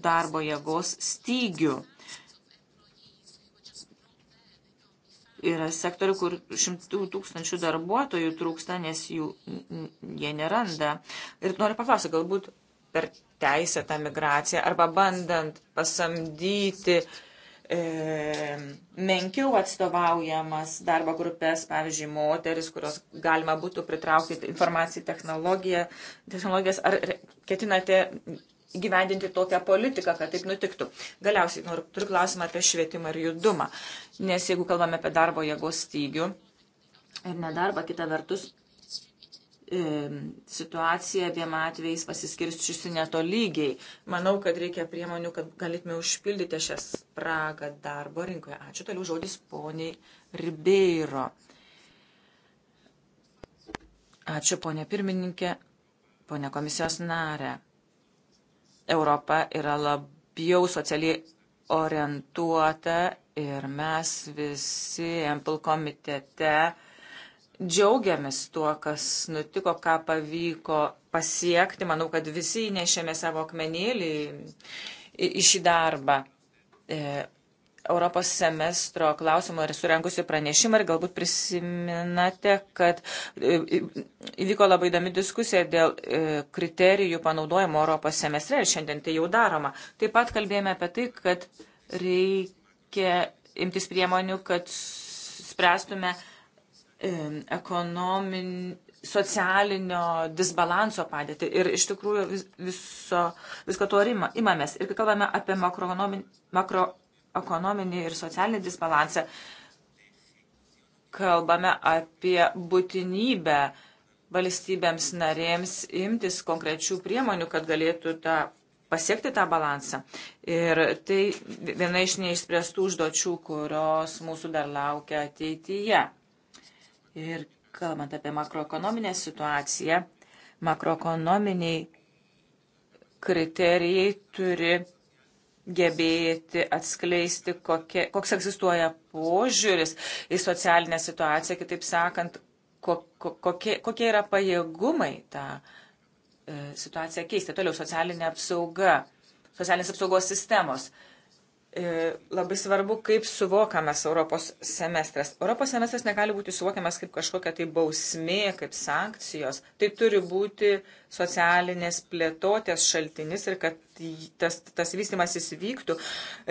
darbo jėgos stygių Yra sektorių, kur šimtų tūkstančių darbuotojų trūksta, nes jų jie neranda. Ir noriu paklausyti, galbūt per teisę tą migraciją arba bandant pasamdyti e, menkiau atstovaujamas darbo grupės, pavyzdžiui, moteris, kurios galima būtų pritraukti informaciją technologiją, technologijas, ar ketinate gyvendinti tokią politiką, kad taip nutiktų. Galiausiai noriu, turiu klausimą apie švietimą ir judumą, nes jeigu kalbame apie darbo jėgos stygių ir nedarbą, kita vertus, e, situacija abiem atvejais pasiskirščiusi netolygiai. Manau, kad reikia priemonių, kad galėtume užpildyti šią spragą darbo rinkoje. Ačiū toliau žodis poniai Ribeiro. Ačiū ponė pirmininkė, ponė komisijos narė. Europa yra labiau socialiai orientuota ir mes visi Ample komitete džiaugiamės tuo, kas nutiko, ką pavyko pasiekti. Manau, kad visi įnešėme savo akmenėlį į šį darbą. E, Europos semestro klausimo ir surengusi pranešimą ir galbūt prisiminate, kad e, įvyko labai įdomi diskusija dėl e, kriterijų panaudojimo Europos semestre ir šiandien tai jau daroma. Taip pat kalbėjome apie tai, kad reikia imtis priemonių, kad spręstume e, ekonominį socialinio disbalanso padėtį ir iš tikrųjų vis, viso, visko to rima, imamės. Ir kai kalbame apie makroekonominį makro ekonominį ir socialinį disbalansą, kalbame apie būtinybę valstybėms narėms imtis konkrečių priemonių, kad galėtų tą, pasiekti tą balansą. Ir tai viena iš neišspręstų užduočių, kurios mūsų dar laukia ateityje. Ir kalbant apie makroekonominę situaciją, makroekonominiai kriterijai turi gebėti atskleisti, kokie, koks egzistuoja požiūris į socialinę situaciją, kitaip sakant, ko, ko, kokie, kokie yra pajėgumai tą e, situaciją keisti. Toliau socialinė apsauga, socialinės apsaugos sistemos. E, E, labai svarbu, kaip suvokiamas Europos semestras. Europos semestras negali būti suvokiamas kaip kažkokia tai bausmė, kaip sankcijos. Tai turi būti socialinės plėtotės šaltinis ir kad tas, tas vystimas įsivyktų,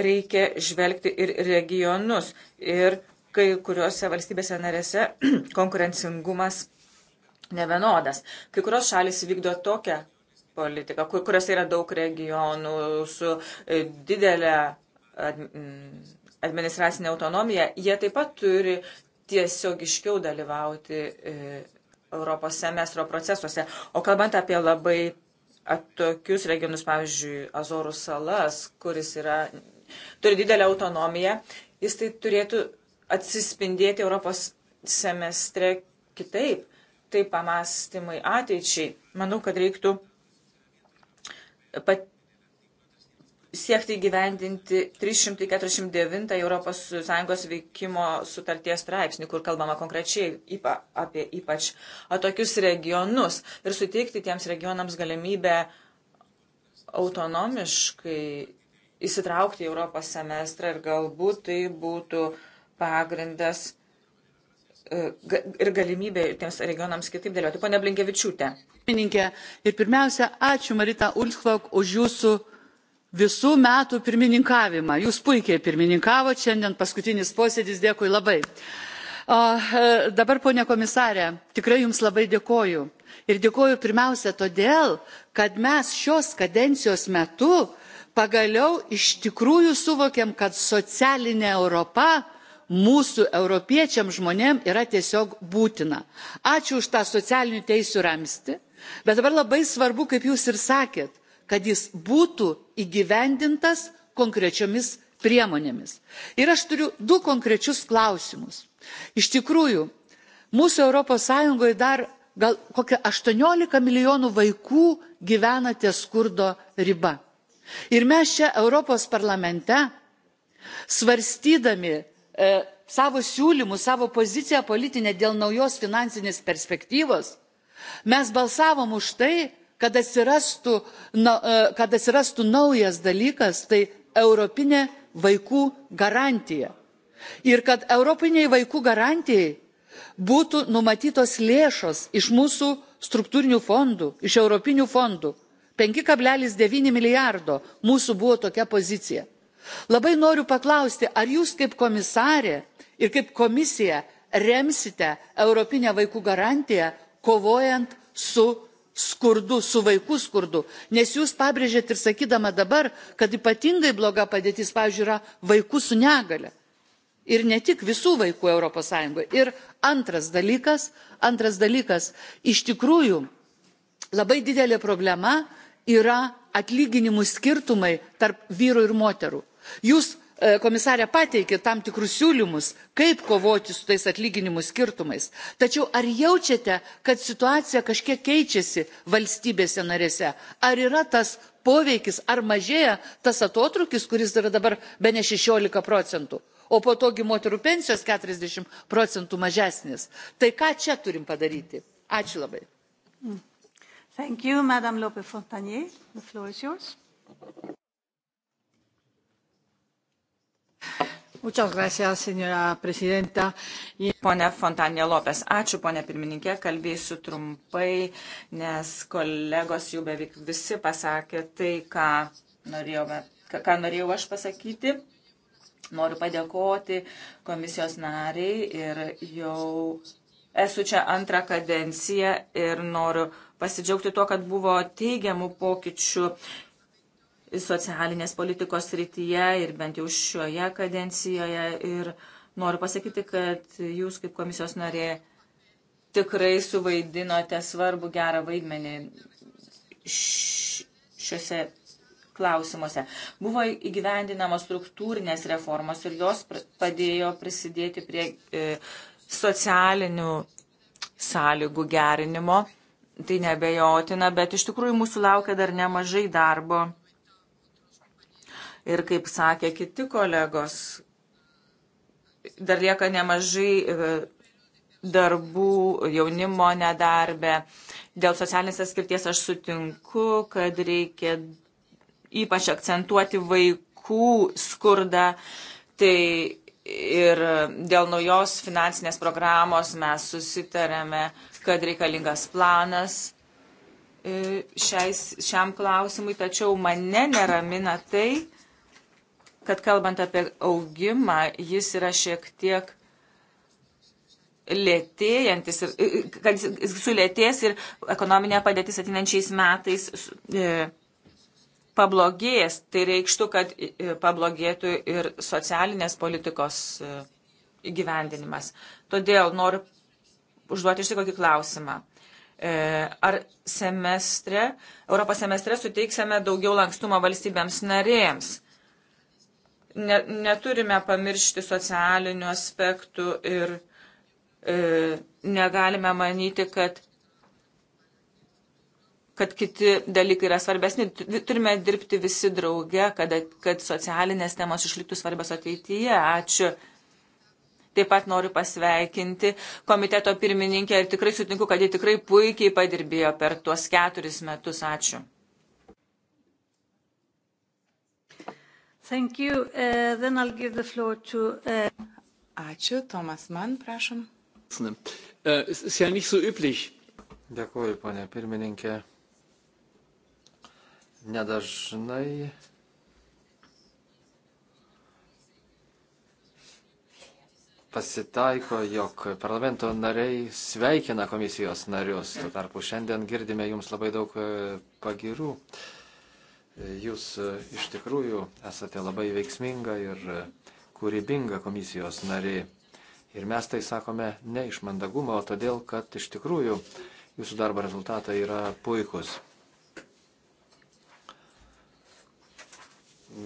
reikia žvelgti ir regionus. Ir kai kuriuose valstybėse narėse konkurencingumas nevienodas. Kai kurios šalis vykdo tokią politiką, kur, kuriuose yra daug regionų su e, didelė Mm, administracinę autonomiją, jie taip pat turi tiesiogiškiau dalyvauti e, Europos semestro procesuose. O kalbant apie labai tokius regionus, pavyzdžiui, Azorų salas, kuris yra, turi didelę autonomiją, jis tai turėtų atsispindėti Europos semestre kitaip. Tai pamastymai ateičiai. Manau, kad reiktų pat siekti gyvendinti 349 ES veikimo sutarties straipsnį, kur kalbama konkrečiai ypa, apie ypač atokius regionus ir suteikti tiems regionams galimybę autonomiškai įsitraukti į Europos semestrą ir galbūt tai būtų pagrindas e, ir galimybė tiems regionams kitaip dėlioti. Pone Blinkevičiūtė. Pirmininkė, ir pirmiausia, ačiū Marita Ulskvok už jūsų visų metų pirmininkavimą. Jūs puikiai pirmininkavote, šiandien paskutinis posėdis, dėkui labai. O, e, dabar, ponė komisarė, tikrai Jums labai dėkoju. Ir dėkoju pirmiausia todėl, kad mes šios kadencijos metu pagaliau iš tikrųjų suvokėm, kad socialinė Europa mūsų europiečiam žmonėm yra tiesiog būtina. Ačiū už tą socialinių teisų ramsti. Bet dabar labai svarbu, kaip jūs ir sakėt, kad jis būtų įgyvendintas konkrečiomis priemonėmis. Ir aš turiu du konkrečius klausimus. Iš tikrųjų, mūsų ES dar gal kokia 18 milijonų vaikų gyvena ties skurdo riba. Ir mes čia Europos parlamente, svarstydami e, savo siūlymus, savo poziciją politinę dėl naujos finansinės perspektyvos, mes balsavom už tai, kad atsirastų, na, e, kad atsirastų naujas dalykas, tai Europinė vaikų garantija. Ir kad Europiniai vaikų garantijai būtų numatytos lėšos iš mūsų struktūrinių fondų, iš europinių fondų. 5,9 milijardo mūsų buvo tokia pozicija. Labai noriu paklausti, ar jūs kaip komisarė ir kaip komisija remsite Europinę vaikų garantiją, kovojant su skurdu, su vaikų skurdu, nes jūs pabrėžėt ir sakydama dabar, kad ypatingai bloga padėtis, pavyzdžiui, yra vaikų su negale. Ir ne tik visų vaikų ES. Ir antras dalykas, antras dalykas, iš tikrųjų labai didelė problema yra atlyginimų skirtumai tarp vyrų ir moterų. Jūs E, komisarė pateikė tam tikrus siūlymus, kaip kovoti su tais atlyginimų skirtumais. Tačiau ar jaučiate, kad situacija kažkiek keičiasi valstybėse narėse? Ar yra tas poveikis, ar mažėja tas atotrukis, kuris yra dabar be ne 16 procentų? o po togi moterų pensijos 40 procentų mažesnės. Tai ką čia turim padaryti? Ačiū labai. Mm. Thank you, Madam Lope Fontanier. The floor is yours. Muchas gracias, señora presidenta. Pone Fontanė Lopes, ačiū, ponė pirmininkė, kalbėsiu trumpai, nes kolegos jau beveik visi pasakė tai, ką norėjau, ką norėjau aš pasakyti. Noriu padėkoti komisijos nariai ir jau esu čia antrą kadenciją ir noriu pasidžiaugti tuo, kad buvo teigiamų pokyčių socialinės politikos srityje ir bent jau šioje kadencijoje. Ir noriu pasakyti, kad jūs kaip komisijos narė tikrai suvaidinote svarbu gerą vaidmenį šiuose klausimuose. Buvo įgyvendinamos struktūrinės reformos ir jos padėjo prisidėti prie e, socialinių sąlygų gerinimo. Tai nebejotina, bet iš tikrųjų mūsų laukia dar nemažai darbo Ir kaip sakė kiti kolegos, dar lieka nemažai e, darbų jaunimo nedarbę. Dėl socialinės atskirties aš sutinku, kad reikia ypač akcentuoti vaikų skurdą. Tai ir dėl naujos finansinės programos mes susitarėme, kad reikalingas planas e, šiais, šiam klausimui, tačiau mane neramina tai, kad kalbant apie augimą, jis yra šiek tiek lėtėjantis, ir, kad jis sulėtės ir ekonominė padėtis atinančiais metais e, pablogės. Tai reikštų, kad pablogėtų ir socialinės politikos e, įgyvendinimas. Todėl noriu užduoti štai kokį klausimą. E, ar semestre, Europos semestre suteiksime daugiau lankstumo valstybėms narėms? ne, neturime pamiršti socialinių aspektų ir e, negalime manyti, kad, kad kiti dalykai yra svarbesni. Turime dirbti visi drauge, kad, kad socialinės temos išliktų svarbios ateityje. Ačiū. Taip pat noriu pasveikinti komiteto pirmininkę ir tikrai sutinku, kad jie tikrai puikiai padirbėjo per tuos keturis metus. Ačiū. Thank you. Uh, then I'll give the floor to. Uh... Ačiū, Tomas Mann, prašom. Äh, es ist ja nicht so üblich. Dėkuoju, ponė pirmininkė. Nedažnai. Pasitaiko, jog parlamento nariai sveikina komisijos narius. Tuo tarpu šiandien girdime jums labai daug e, pagirų. Uh, Jūs e, iš tikrųjų esate labai veiksminga ir e, kūrybinga komisijos narė. Ir mes tai sakome ne iš mandagumo, o todėl, kad iš tikrųjų jūsų darbo rezultatai yra puikus.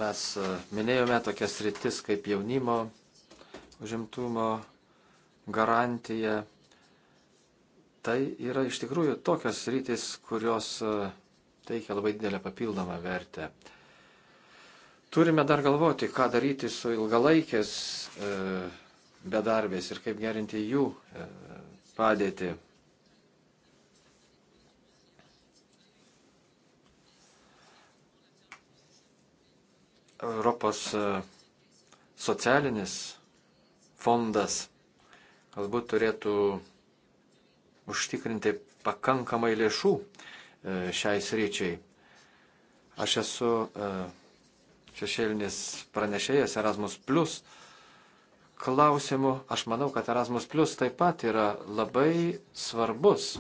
Mes e, minėjome tokias rytis kaip jaunimo užimtumo garantija. Tai yra iš tikrųjų tokios rytis, kurios teikia labai didelę papildomą vertę. Turime dar galvoti, ką daryti su ilgalaikės e, bedarbės ir kaip gerinti jų e, padėtį. Europos e, socialinis fondas galbūt turėtų užtikrinti pakankamai lėšų uh, E, šiai sričiai. Aš esu e, šešėlinis pranešėjas Erasmus Plus klausimu. Aš manau, kad Erasmus Plus taip pat yra labai svarbus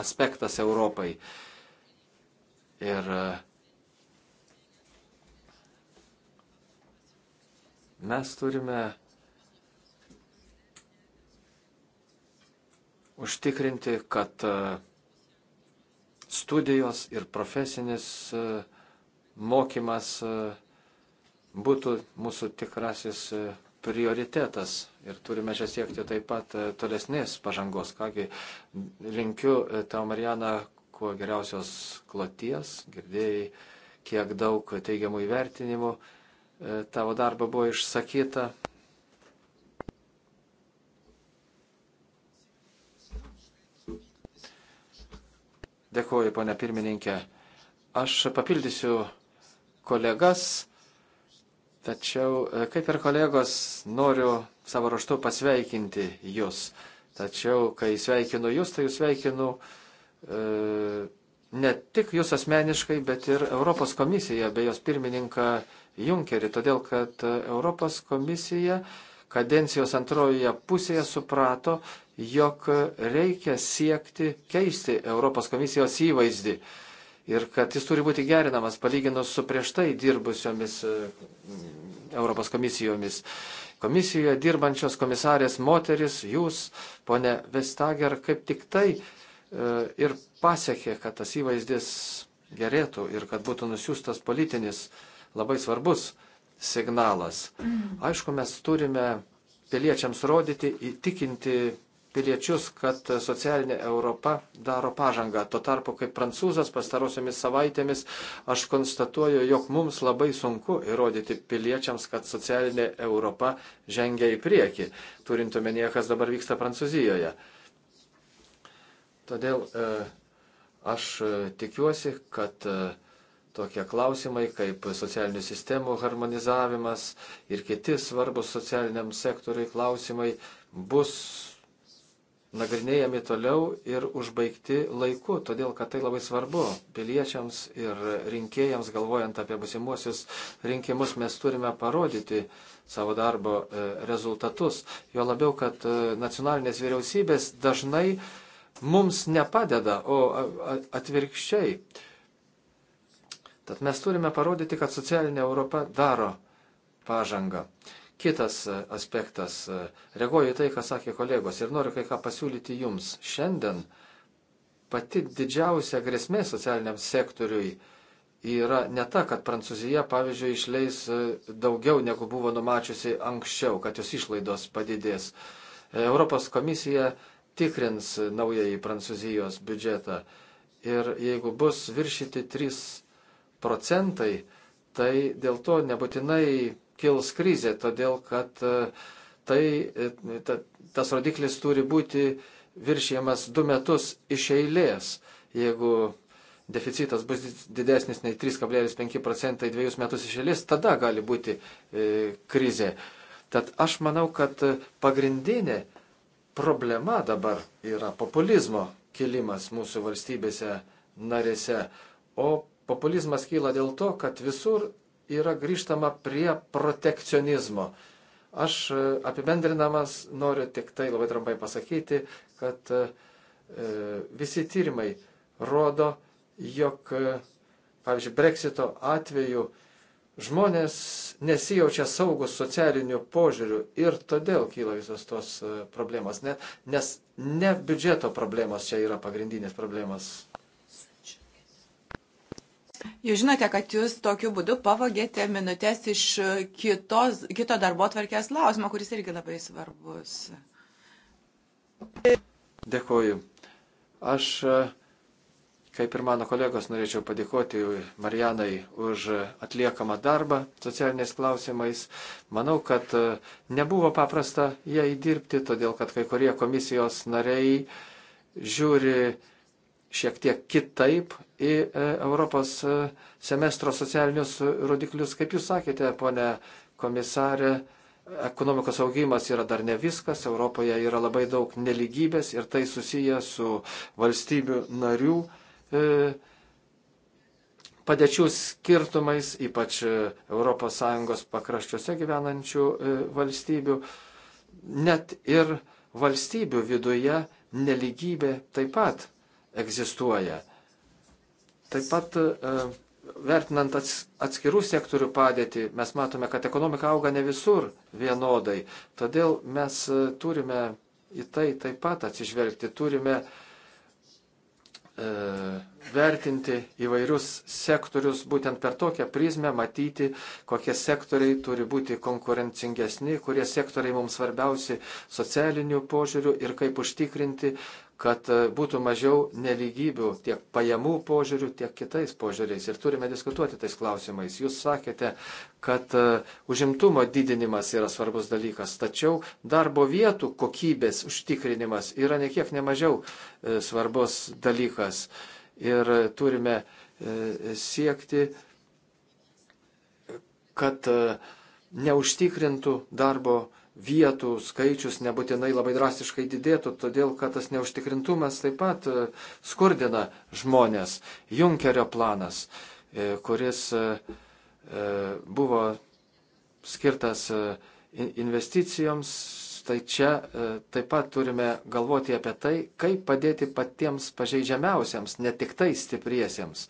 aspektas Europai. Ir e, mes turime užtikrinti, kad uh, studijos ir profesinis e, mokymas e, būtų mūsų tikrasis e, prioritetas ir turime čia siekti taip pat tolesnės pažangos. Kągi, linkiu tau, Marijana, kuo geriausios kloties, girdėjai, kiek daug teigiamų įvertinimų tavo darbo buvo išsakyta. Dėkuoju, ponia pirmininkė. Aš papildysiu kolegas, tačiau e, kaip ir kolegos noriu savo raštu pasveikinti jūs. Tačiau, kai sveikinu jūs, tai jūs sveikinu e, ne tik jūs asmeniškai, bet ir Europos komisiją bei jos pirmininką Junkerį, todėl kad e, Europos komisija kadencijos antrojoje pusėje suprato, jog reikia siekti keisti Europos komisijos įvaizdį ir kad jis turi būti gerinamas palyginus su prieš tai dirbusiomis mm, Europos komisijomis. Komisijoje dirbančios komisarės moteris, jūs, ponė Vestager, kaip tik tai e, ir pasiekė, kad tas įvaizdis gerėtų ir kad būtų nusiųstas politinis labai svarbus signalas. Mm. Aišku, mes turime piliečiams rodyti, įtikinti piliečius, kad socialinė Europa daro pažangą. Tuo tarpu, kaip prancūzas pastarosiomis savaitėmis, aš konstatuoju, jog mums labai sunku įrodyti piliečiams, kad socialinė Europa žengia į priekį, turint omenyje, kas dabar vyksta Prancūzijoje. Todėl e, aš e, tikiuosi, kad e, tokie klausimai kaip socialinių sistemų harmonizavimas ir kiti svarbus socialiniam sektoriui klausimai bus nagrinėjami toliau ir užbaigti laiku, todėl kad tai labai svarbu piliečiams ir rinkėjams, galvojant apie busimuosius rinkimus, mes turime parodyti savo darbo e, rezultatus. Jo labiau, kad e, nacionalinės vyriausybės dažnai mums nepadeda, o atvirkščiai. Tad mes turime parodyti, kad socialinė Europa daro pažangą. Kitas e, aspektas, e, reaguoju į tai, ką sakė kolegos ir noriu kai ką pasiūlyti jums. Šiandien pati didžiausia grėsmė socialiniam sektoriui yra ne ta, kad Prancūzija, pavyzdžiui, išleis e, daugiau negu buvo numačiusi anksčiau, kad jos išlaidos padidės. Europos komisija tikrins naująjį Prancūzijos biudžetą ir jeigu bus viršyti 3 procentai, tai dėl to nebūtinai kils krizė, todėl kad e, tai, e, ta, tas rodiklis turi būti viršėjamas du metus iš eilės. Jeigu deficitas bus didesnis nei 3,5 procentai dviejus metus iš eilės, tada gali būti e, krizė. Tad aš manau, kad pagrindinė problema dabar yra populizmo kilimas mūsų valstybėse narėse. O populizmas kyla dėl to, kad visur yra grįžtama prie protekcionizmo. Aš e, apibendrinamas noriu tik tai labai trumpai pasakyti, kad e, e, visi tyrimai rodo, jog, pavyzdžiui, Brexito atveju žmonės nesijaučia saugus socialiniu požiūriu ir todėl kyla visos tos problemos, ne, nes ne biudžeto problemos čia yra pagrindinės problemos. Jūs žinote, kad jūs tokiu būdu pavogėte minutės iš kitos, kito darbo tvarkės klausimo, kuris irgi labai svarbus. Dėkuoju. Aš, kaip ir mano kolegos, norėčiau padėkoti Marijanai už atliekamą darbą socialiniais klausimais. Manau, kad nebuvo paprasta ją įdirbti, todėl kad kai kurie komisijos nariai žiūri šiek tiek kitaip į e, Europos e, semestro socialinius rodiklius. Kaip jūs sakėte, ponė komisarė, ekonomikos augimas yra dar ne viskas, Europoje yra labai daug neligybės ir tai susiję su valstybių narių e, padėčių skirtumais, ypač ES pakraščiuose gyvenančių valstybių. Net ir valstybių viduje neligybė taip pat egzistuoja. Taip pat e, vertinant atskirų sektorių padėtį, mes matome, kad ekonomika auga ne visur vienodai. Todėl mes e, turime į tai taip pat atsižvelgti, turime e, vertinti įvairius sektorius būtent per tokią prizmę, matyti, kokie sektoriai turi būti konkurencingesni, kurie sektoriai mums svarbiausi socialiniu požiūriu ir kaip užtikrinti, kad e, būtų mažiau neligybių tiek pajamų požiūrių, tiek kitais požiūriais. Ir turime diskutuoti tais klausimais. Jūs sakėte, kad e, užimtumo didinimas yra svarbus dalykas, tačiau darbo vietų kokybės užtikrinimas yra niekiek nemažiau e, svarbus dalykas. Ir turime siekti, kad neužtikrintų darbo vietų vietų skaičius nebūtinai labai drastiškai didėtų, todėl kad tas neužtikrintumas taip pat e, skurdina žmonės. Junkerio planas, e, kuris e, buvo skirtas investicijoms, tai čia taip pat turime galvoti apie tai, kaip padėti patiems pažeidžiamiausiams, ne tik tai stipriesiems.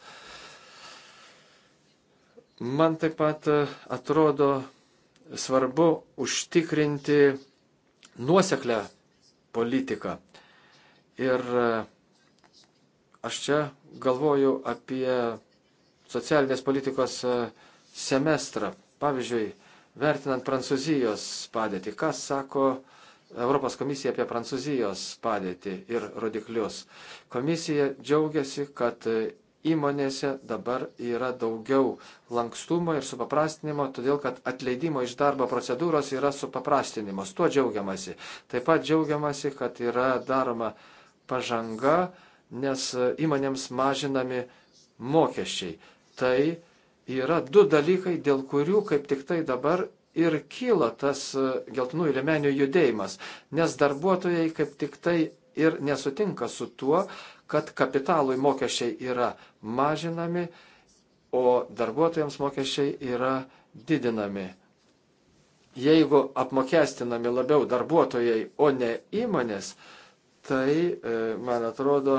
Man taip pat atrodo svarbu užtikrinti nuoseklę politiką. Ir e, aš čia galvoju apie socialinės politikos e, semestrą. Pavyzdžiui, vertinant Prancūzijos padėtį, kas sako Europos komisija apie Prancūzijos padėtį ir rodiklius. Komisija džiaugiasi, kad įmonėse dabar yra daugiau lankstumo ir supaprastinimo, todėl kad atleidimo iš darbo procedūros yra supaprastinimas. Tuo džiaugiamasi. Taip pat džiaugiamasi, kad yra daroma pažanga, nes įmonėms mažinami mokesčiai. Tai yra du dalykai, dėl kurių kaip tik tai dabar ir kyla tas e, geltonųjų liemenių judėjimas, nes darbuotojai kaip tik tai ir nesutinka su tuo, kad kapitalui mokesčiai yra mažinami, o darbuotojams mokesčiai yra didinami. Jeigu apmokestinami labiau darbuotojai, o ne įmonės, tai, e, man atrodo,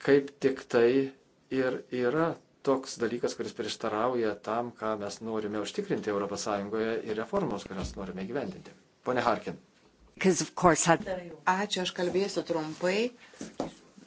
kaip tik tai ir yra toks dalykas, kuris prieštarauja tam, ką mes norime užtikrinti ES ir reformos, kurias norime gyvendinti. Pone Harkin. Ačiū, aš kalbėsiu trumpai.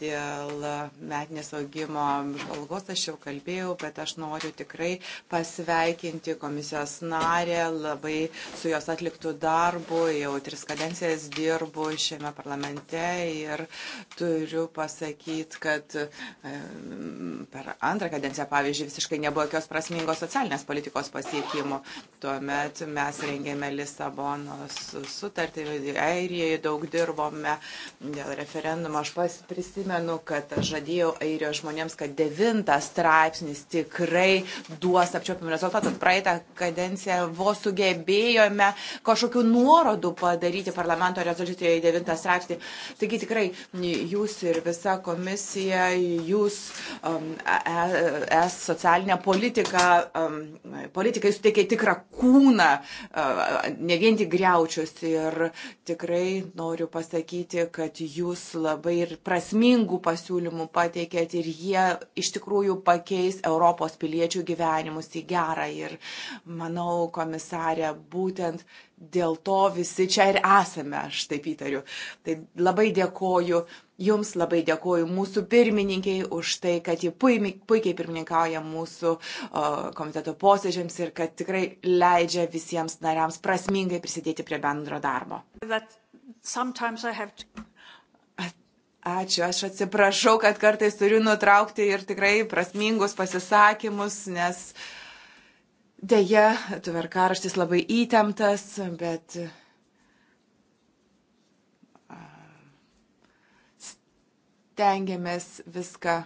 dėl metinės augimo žvalgos aš jau kalbėjau, bet aš noriu tikrai pasveikinti komisijos narę, labai su jos atliktų darbų, jau tris kadencijas dirbu šiame parlamente ir turiu pasakyti, kad per antrą kadenciją, pavyzdžiui, visiškai nebuvo jokios prasmingos socialinės politikos pasiekimų. Tuomet mes rengėme Lisabonos sutartį, Airijoje daug dirbome dėl referendumo. Aš pas prisimenu primenu, kad aš žadėjau airijos žmonėms, kad devintas straipsnis tikrai duos apčiopimų rezultatą. Praeitą kadenciją vos sugebėjome kažkokių nuorodų padaryti parlamento rezoliucijoje į devintą straipsnį. Taigi tikrai jūs ir visa komisija, jūs um, e, e, es socialinę politiką, um, politikai suteikia tikrą kūną, uh, ne vien tik greučius. Ir tikrai noriu pasakyti, kad jūs labai ir prasmingai prasmingų pasiūlymų pateikėt ir jie iš tikrųjų pakeis Europos piliečių gyvenimus į gerą. Ir manau, komisarė, būtent dėl to visi čia ir esame, aš taip įtariu. Tai labai dėkoju. Jums labai dėkoju mūsų pirmininkiai už tai, kad ji puikiai pirmininkauja mūsų komiteto posėdžiams ir kad tikrai leidžia visiems nariams prasmingai prisidėti prie bendro darbo. To... Ačiū, aš atsiprašau, kad kartais turiu nutraukti ir tikrai prasmingus pasisakymus, nes dėja, tvarkaraštis labai įtemptas, bet stengiamės viską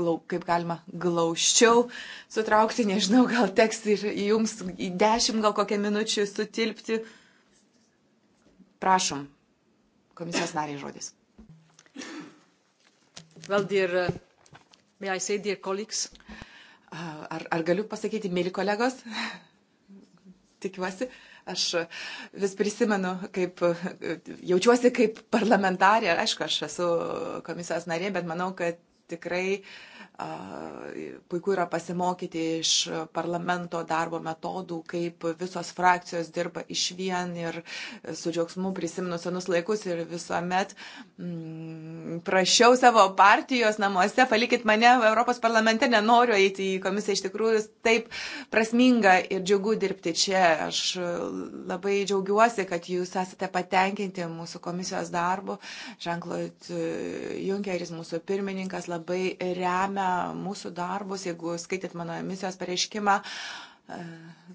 glau, kaip galima glaušiau sutraukti, nežinau, gal teks ir jums į dešimt gal kokią minučių sutilpti. Prašom, komisijos nariai žodis. Well, dear, uh, may I say, dear colleagues? Uh, ar, ar galiu pasakyti, mėly kolegos? Tikiuosi. Aš uh, vis prisimenu, kaip uh, jaučiuosi kaip parlamentarė. Aišku, aš esu komisijos narė, bet manau, kad tikrai uh, puiku yra pasimokyti iš parlamento darbo metodų, kaip visos frakcijos dirba iš vien ir su džiaugsmu prisimenu senus laikus ir visuomet mm, prašiau savo partijos namuose, palikit mane Europos parlamente, nenoriu eiti į komisiją, iš tikrųjų taip prasminga ir džiugu dirbti čia. Aš labai džiaugiuosi, kad jūs esate patenkinti mūsų komisijos darbu. Žanklot Junkeris, mūsų pirmininkas, labai remia vertiname mūsų darbus, jeigu skaitėt mano misijos pareiškimą, e,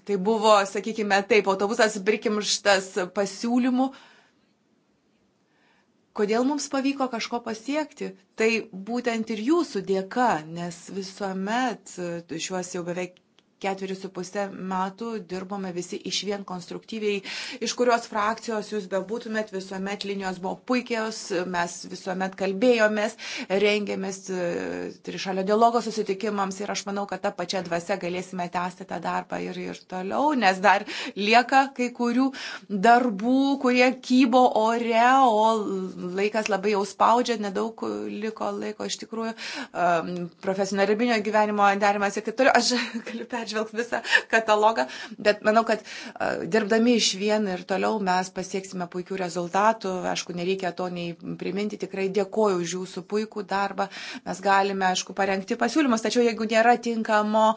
tai buvo, sakykime, taip, autobusas prikimštas pasiūlymų. Kodėl mums pavyko kažko pasiekti? Tai būtent ir jūsų dėka, nes visuomet e, šiuos jau beveik ketverius su pusę metų dirbome visi iš vien konstruktyviai, iš kurios frakcijos jūs bebūtumėt, visuomet linijos buvo puikios, mes visuomet kalbėjomės, rengėmės e, trišalio dialogo susitikimams ir aš manau, kad tą pačią dvasę galėsime tęsti tą darbą ir, ir toliau, nes dar lieka kai kurių darbų, kurie kybo ore, o laikas labai jau spaudžia, nedaug liko laiko iš tikrųjų, um, e, profesinio ribinio gyvenimo derimas ir taip toliau. Aš galiu perėti peržvelgs visą katalogą, bet manau, kad dirbdami iš vien ir toliau mes pasieksime puikių rezultatų. Aišku, nereikia to nei priminti, tikrai dėkoju už jūsų puikų darbą. Mes galime, aišku, parengti pasiūlymus, tačiau jeigu nėra tinkamo,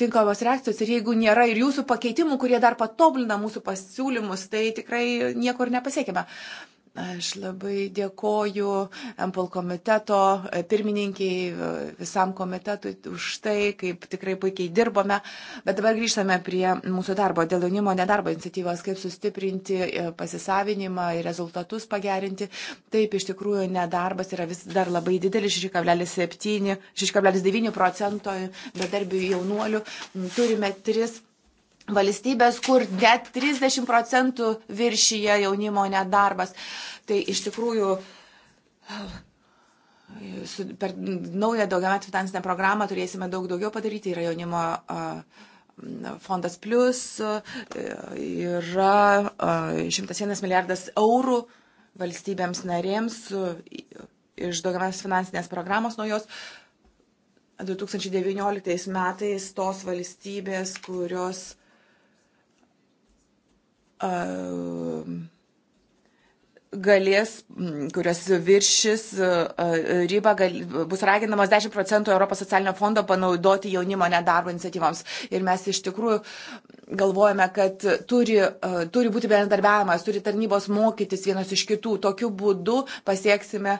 tinkamos reakcijos ir jeigu nėra ir jūsų pakeitimų, kurie dar patobulina mūsų pasiūlymus, tai tikrai niekur nepasiekime. Aš labai dėkoju MPL komiteto e, pirmininkiai, e, visam komitetui už tai, kaip tikrai puikiai dirbome. Bet dabar grįžtame prie mūsų darbo dėl jaunimo nedarbo iniciatyvos, kaip sustiprinti e, pasisavinimą ir rezultatus pagerinti. Taip, iš tikrųjų, nedarbas yra vis dar labai didelis, 6,7, 6,9 procento bedarbių jaunuolių. Turime tris valstybės, kur net 30 procentų viršyje jaunimo nedarbas. Tai iš tikrųjų per naują daugiametį finansinę programą turėsime daug daugiau padaryti. Yra jaunimo fondas plus, yra 101 milijardas eurų valstybėms narėms iš daugiametės finansinės programos naujos. 2019 metais tos valstybės, kurios Ehm, galės, kurios viršis e, e, ribą, gal, bus raginamas 10 procentų Europos socialinio fondo panaudoti jaunimo nedarbo iniciatyvams. Ir mes iš tikrųjų galvojame, kad turi, e, turi būti bendarbiavimas, turi tarnybos mokytis vienos iš kitų. Tokiu būdu pasieksime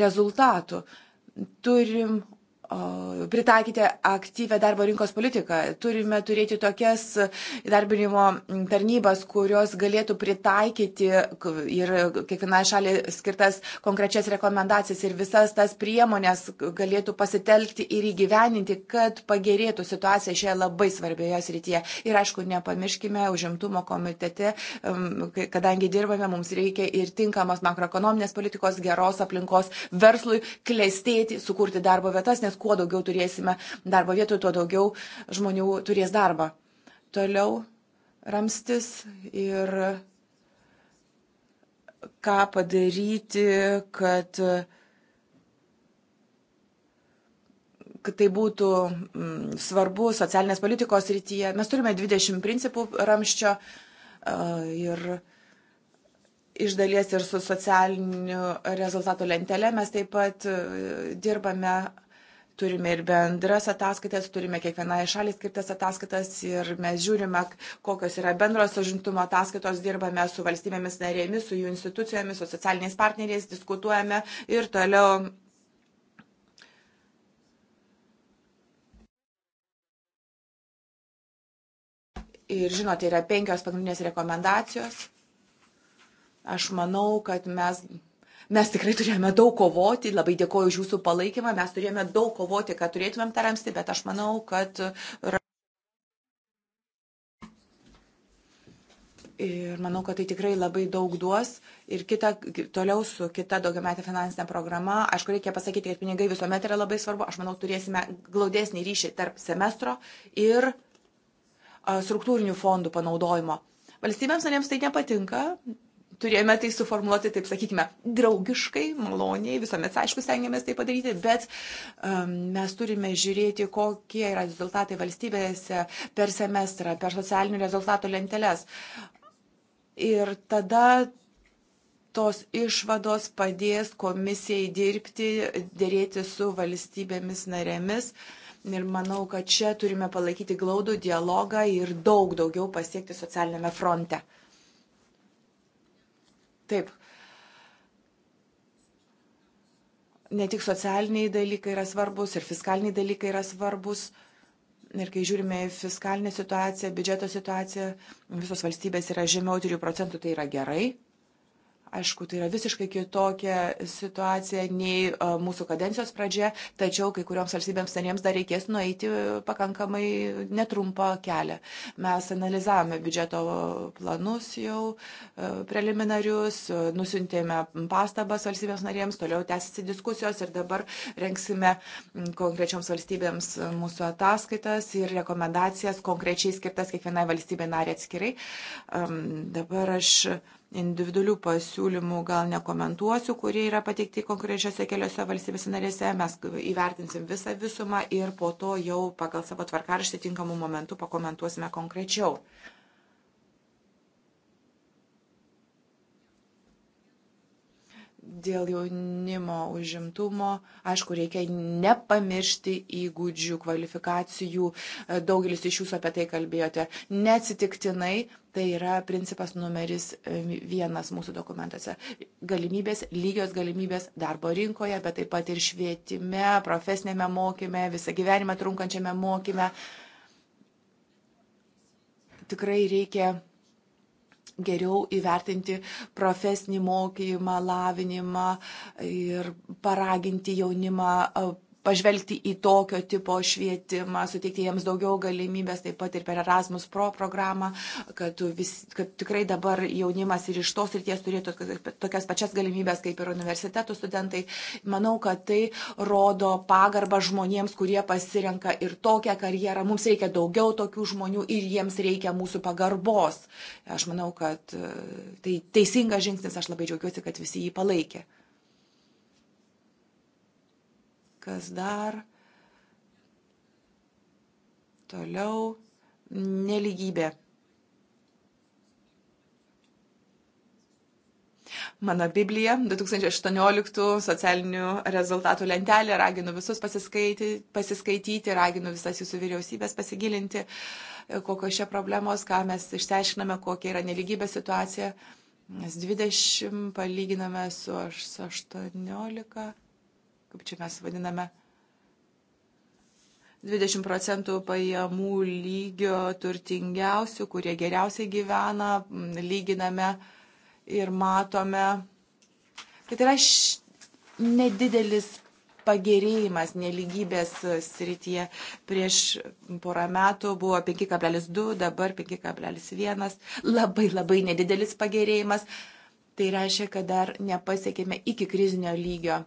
rezultatų. Turim pritaikyti aktyvę darbo rinkos politiką. Turime turėti tokias įdarbinimo tarnybas, kurios galėtų pritaikyti ir kiekvienai šaliai skirtas konkrečias rekomendacijas ir visas tas priemonės galėtų pasitelkti ir įgyveninti, kad pagerėtų situacija šioje labai svarbioje srityje. Ir aišku, nepamirškime užimtumo komitete, kadangi dirbame, mums reikia ir tinkamos makroekonominės politikos, geros aplinkos verslui klestėti, sukurti darbo vietas, nes kuo daugiau turėsime darbo vietų, tuo daugiau žmonių turės darbą. Toliau ramstis ir ką padaryti, kad, kad tai būtų mm, svarbu socialinės politikos rytyje. Mes turime 20 principų ramščio ir iš dalies ir su socialiniu rezultatų lentelė mes taip pat dirbame turime ir bendras ataskaitas, turime kiekvienai šaliai skirtas ataskaitas ir mes žiūrime, kokios yra bendros užimtumo ataskaitos, dirbame su valstybėmis narėmis, su jų institucijomis, su socialiniais partneriais, diskutuojame ir toliau. Ir žinote, yra penkios pagrindinės rekomendacijos. Aš manau, kad mes mes tikrai turėjome daug kovoti, labai dėkoju už jūsų palaikymą, mes turėjome daug kovoti, kad turėtumėm tą ramstį, bet aš manau, kad. Ir manau, kad tai tikrai labai daug duos. Ir kita, toliau su kita daugiametė finansinė programa, aišku, reikia pasakyti, kad pinigai visuomet yra labai svarbu. Aš manau, turėsime glaudesnį ryšį tarp semestro ir struktūrinių fondų panaudojimo. Valstybėms narėms tai nepatinka, turėjome tai suformuoluoti, taip sakykime, draugiškai, maloniai, visuomet, aišku, stengiamės tai padaryti, bet um, mes turime žiūrėti, kokie yra rezultatai valstybėse per semestrą, per socialinių rezultatų lenteles. Ir tada tos išvados padės komisijai dirbti, dėrėti su valstybėmis narėmis. Ir manau, kad čia turime palaikyti glaudų dialogą ir daug daugiau pasiekti socialinėme fronte. Taip. Ne tik socialiniai dalykai yra svarbus, ir fiskaliniai dalykai yra svarbus. Ir kai žiūrime į fiskalinę situaciją, biudžeto situaciją, visos valstybės yra žemiau 3 procentų, tai yra gerai. Aišku, tai yra visiškai kitokia situacija nei e, mūsų kadencijos pradžia, tačiau kai kurioms valstybėms narėms dar reikės nueiti pakankamai netrumpą kelią. Mes analizavome biudžeto planus jau e, preliminarius, e, nusintėme pastabas valstybėms narėms, toliau tęsiasi diskusijos ir dabar renksime konkrečioms valstybėms mūsų ataskaitas ir rekomendacijas konkrečiai skirtas kiekvienai valstybė narė atskirai. Dabar aš individualių pasiūlymų gal nekomentuosiu, kurie yra pateikti konkrečiose keliose valstybės narėse. Mes įvertinsim visą visumą ir po to jau pagal savo tvarkarštį tinkamų momentų pakomentuosime konkrečiau. dėl jaunimo užimtumo. Aišku, reikia nepamiršti įgūdžių, kvalifikacijų. Daugelis iš jūsų apie tai kalbėjote. Neatsitiktinai tai yra principas numeris e, vienas mūsų dokumentuose. Galimybės, lygios galimybės darbo rinkoje, bet taip pat ir švietime, profesinėme mokyme, visą gyvenimą trunkančiame mokyme. Tikrai reikia geriau įvertinti profesinį mokymą, lavinimą ir paraginti jaunimą pažvelgti į tokio tipo švietimą, suteikti jiems daugiau galimybės, taip pat ir per Erasmus Pro programą, kad, vis, kad tikrai dabar jaunimas ir iš tos ryties turėtų tokias pačias galimybės kaip ir universitetų studentai. Manau, kad tai rodo pagarbą žmonėms, kurie pasirenka ir tokią karjerą. Mums reikia daugiau tokių žmonių ir jiems reikia mūsų pagarbos. Aš manau, kad e, tai teisingas žingsnis, aš labai džiaugiuosi, kad visi jį palaikė. kas dar. Toliau neligybė. Mano Biblija 2018 socialinių rezultatų lentelė, raginu visus pasiskaityti, pasiskaityti raginu visas jūsų vyriausybės pasigilinti, kokios čia problemos, ką mes išteiškiname, kokia yra neligybė situacija. Mes 20 palyginame su 18 kaip čia mes vadiname, 20 procentų pajamų lygio turtingiausių, kurie geriausiai gyvena, lyginame ir matome, kad yra nedidelis pagerėjimas neligybės srityje. Prieš porą metų buvo 5,2, dabar 5,1. Labai labai nedidelis pagerėjimas. Tai reiškia, kad dar nepasiekėme iki krizinio lygio.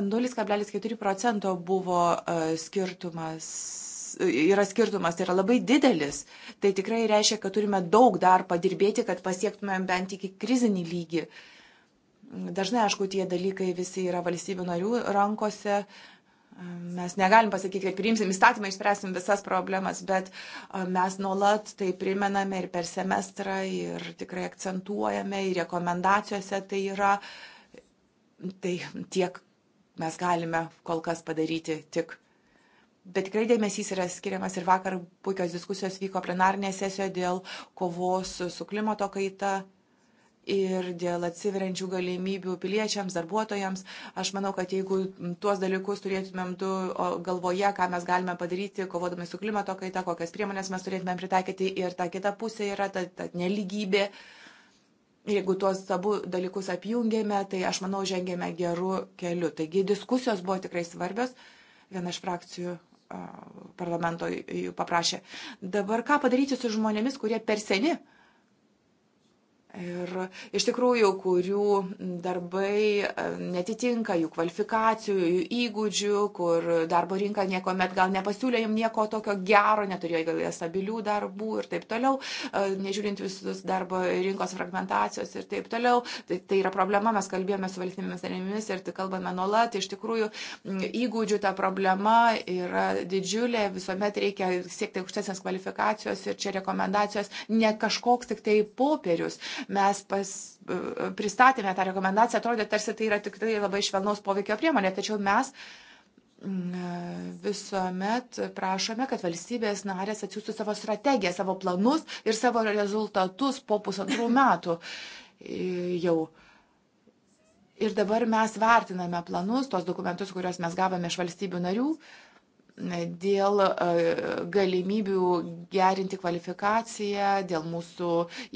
0,4 procento buvo e, skirtumas, e, yra skirtumas, tai yra labai didelis. Tai tikrai reiškia, kad turime daug dar padirbėti, kad pasiektumėm bent iki krizinį lygį. Dažnai, aišku, tie dalykai visi yra valstybių narių rankose. Mes negalim pasakyti, kad priimsim įstatymą, išspręsim visas problemas, bet e, mes nuolat tai primename ir per semestrą, ir tikrai akcentuojame, ir rekomendacijose tai yra tai tiek mes galime kol kas padaryti tik. Bet tikrai dėmesys yra skiriamas ir vakar puikios diskusijos vyko plenarnėje sesijoje dėl kovos su klimato kaita ir dėl atsiveriančių galimybių piliečiams, darbuotojams. Aš manau, kad jeigu tuos dalykus turėtumėm du galvoje, ką mes galime padaryti, kovodami su klimato kaita, kokias priemonės mes turėtumėm pritaikyti ir ta kita pusė yra ta, ta neligybė. Uh, Jeigu tuos abu dalykus apjungėme, tai aš manau, žengėme gerų kelių. Taigi diskusijos buvo tikrai svarbios. Viena iš frakcijų parlamento jų paprašė. Dabar ką padaryti su žmonėmis, kurie per seni? Uh, Ir iš tikrųjų, kurių darbai e, netitinka jų kvalifikacijų, jų įgūdžių, kur darbo rinka nieko met gal nepasiūlė jam nieko tokio gero, neturėjo gal stabilių darbų ir taip toliau, e, nežiūrint visus darbo rinkos fragmentacijos ir taip toliau. Tai, tai yra problema, mes kalbėjome su valstybėmis narėmis ir tai kalbame nuolat. Tai iš tikrųjų, įgūdžių ta problema yra didžiulė, visuomet reikia siekti aukštesnės kvalifikacijos ir čia rekomendacijos ne kažkoks tik tai popierius mes pas, e, pristatėme tą rekomendaciją, atrodė tarsi tai yra tikrai labai švelnaus poveikio priemonė, tačiau mes mm, e, visuomet prašome, kad valstybės narės atsiųstų savo strategiją, savo planus ir savo rezultatus po pusantrų metų e, jau. Ir dabar mes vertiname planus, tos dokumentus, kuriuos mes gavome iš valstybių narių. Uh, dėl e, galimybių gerinti kvalifikaciją, dėl mūsų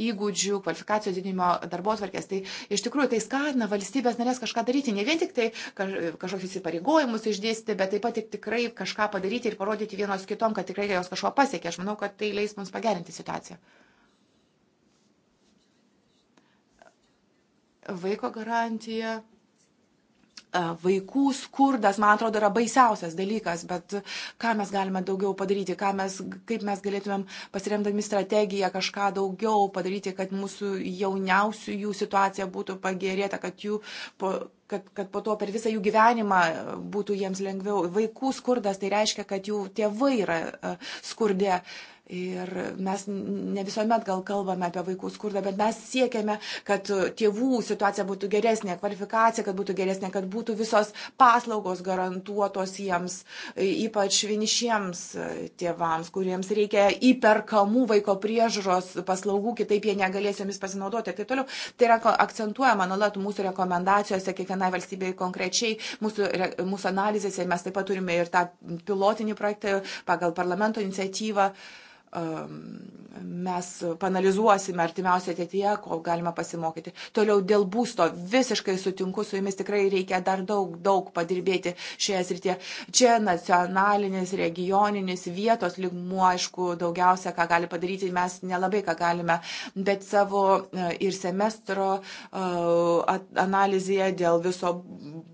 įgūdžių, kvalifikacijos didinimo darbo atvarkės. Tai iš tikrųjų tai skatina valstybės narės kažką daryti, ne vien tik tai kažkokius įpareigojimus išdėstyti, bet taip pat ir tikrai kažką padaryti ir parodyti vienos kitom, kad tikrai jos kažko pasiekė. Aš manau, kad tai leis mums pagerinti situaciją. Vaiko garantija E, vaikų skurdas, man atrodo, yra baisiausias dalykas, bet ką mes galime daugiau padaryti, mes, kaip mes galėtumėm pasiremdami strategiją kažką daugiau padaryti, kad mūsų jauniausių jų situacija būtų pagerėta, kad, jų, kad, kad po to per visą jų gyvenimą būtų jiems lengviau. Vaikų skurdas tai reiškia, kad jų tėvai yra e, skurdė Ir mes ne visuomet gal kalbame apie vaikų skurdą, bet mes siekiame, kad e, tėvų situacija būtų geresnė, kvalifikacija, kad būtų geresnė, kad būtų visos paslaugos garantuotos jiems, e, ypač vienišiems e, tėvams, kuriems reikia įperkamų vaiko priežaros paslaugų, kitaip jie negalės jomis pasinaudoti ir taip toliau. Tai yra akcentuojama nuolat mūsų rekomendacijose kiekvienai valstybei konkrečiai, mūsų, mūsų analizėse mes taip pat turime ir tą pilotinį projektą pagal parlamento iniciatyvą mes panalizuosime artimiausią ateityje, ko galima pasimokyti. Toliau dėl būsto visiškai sutinku su jumis, tikrai reikia dar daug, daug padirbėti šioje srityje. Čia nacionalinis, regioninis, vietos ligmuo, aišku, daugiausia, ką gali padaryti, mes nelabai ką galime, bet savo e, ir semestro e, analizėje dėl viso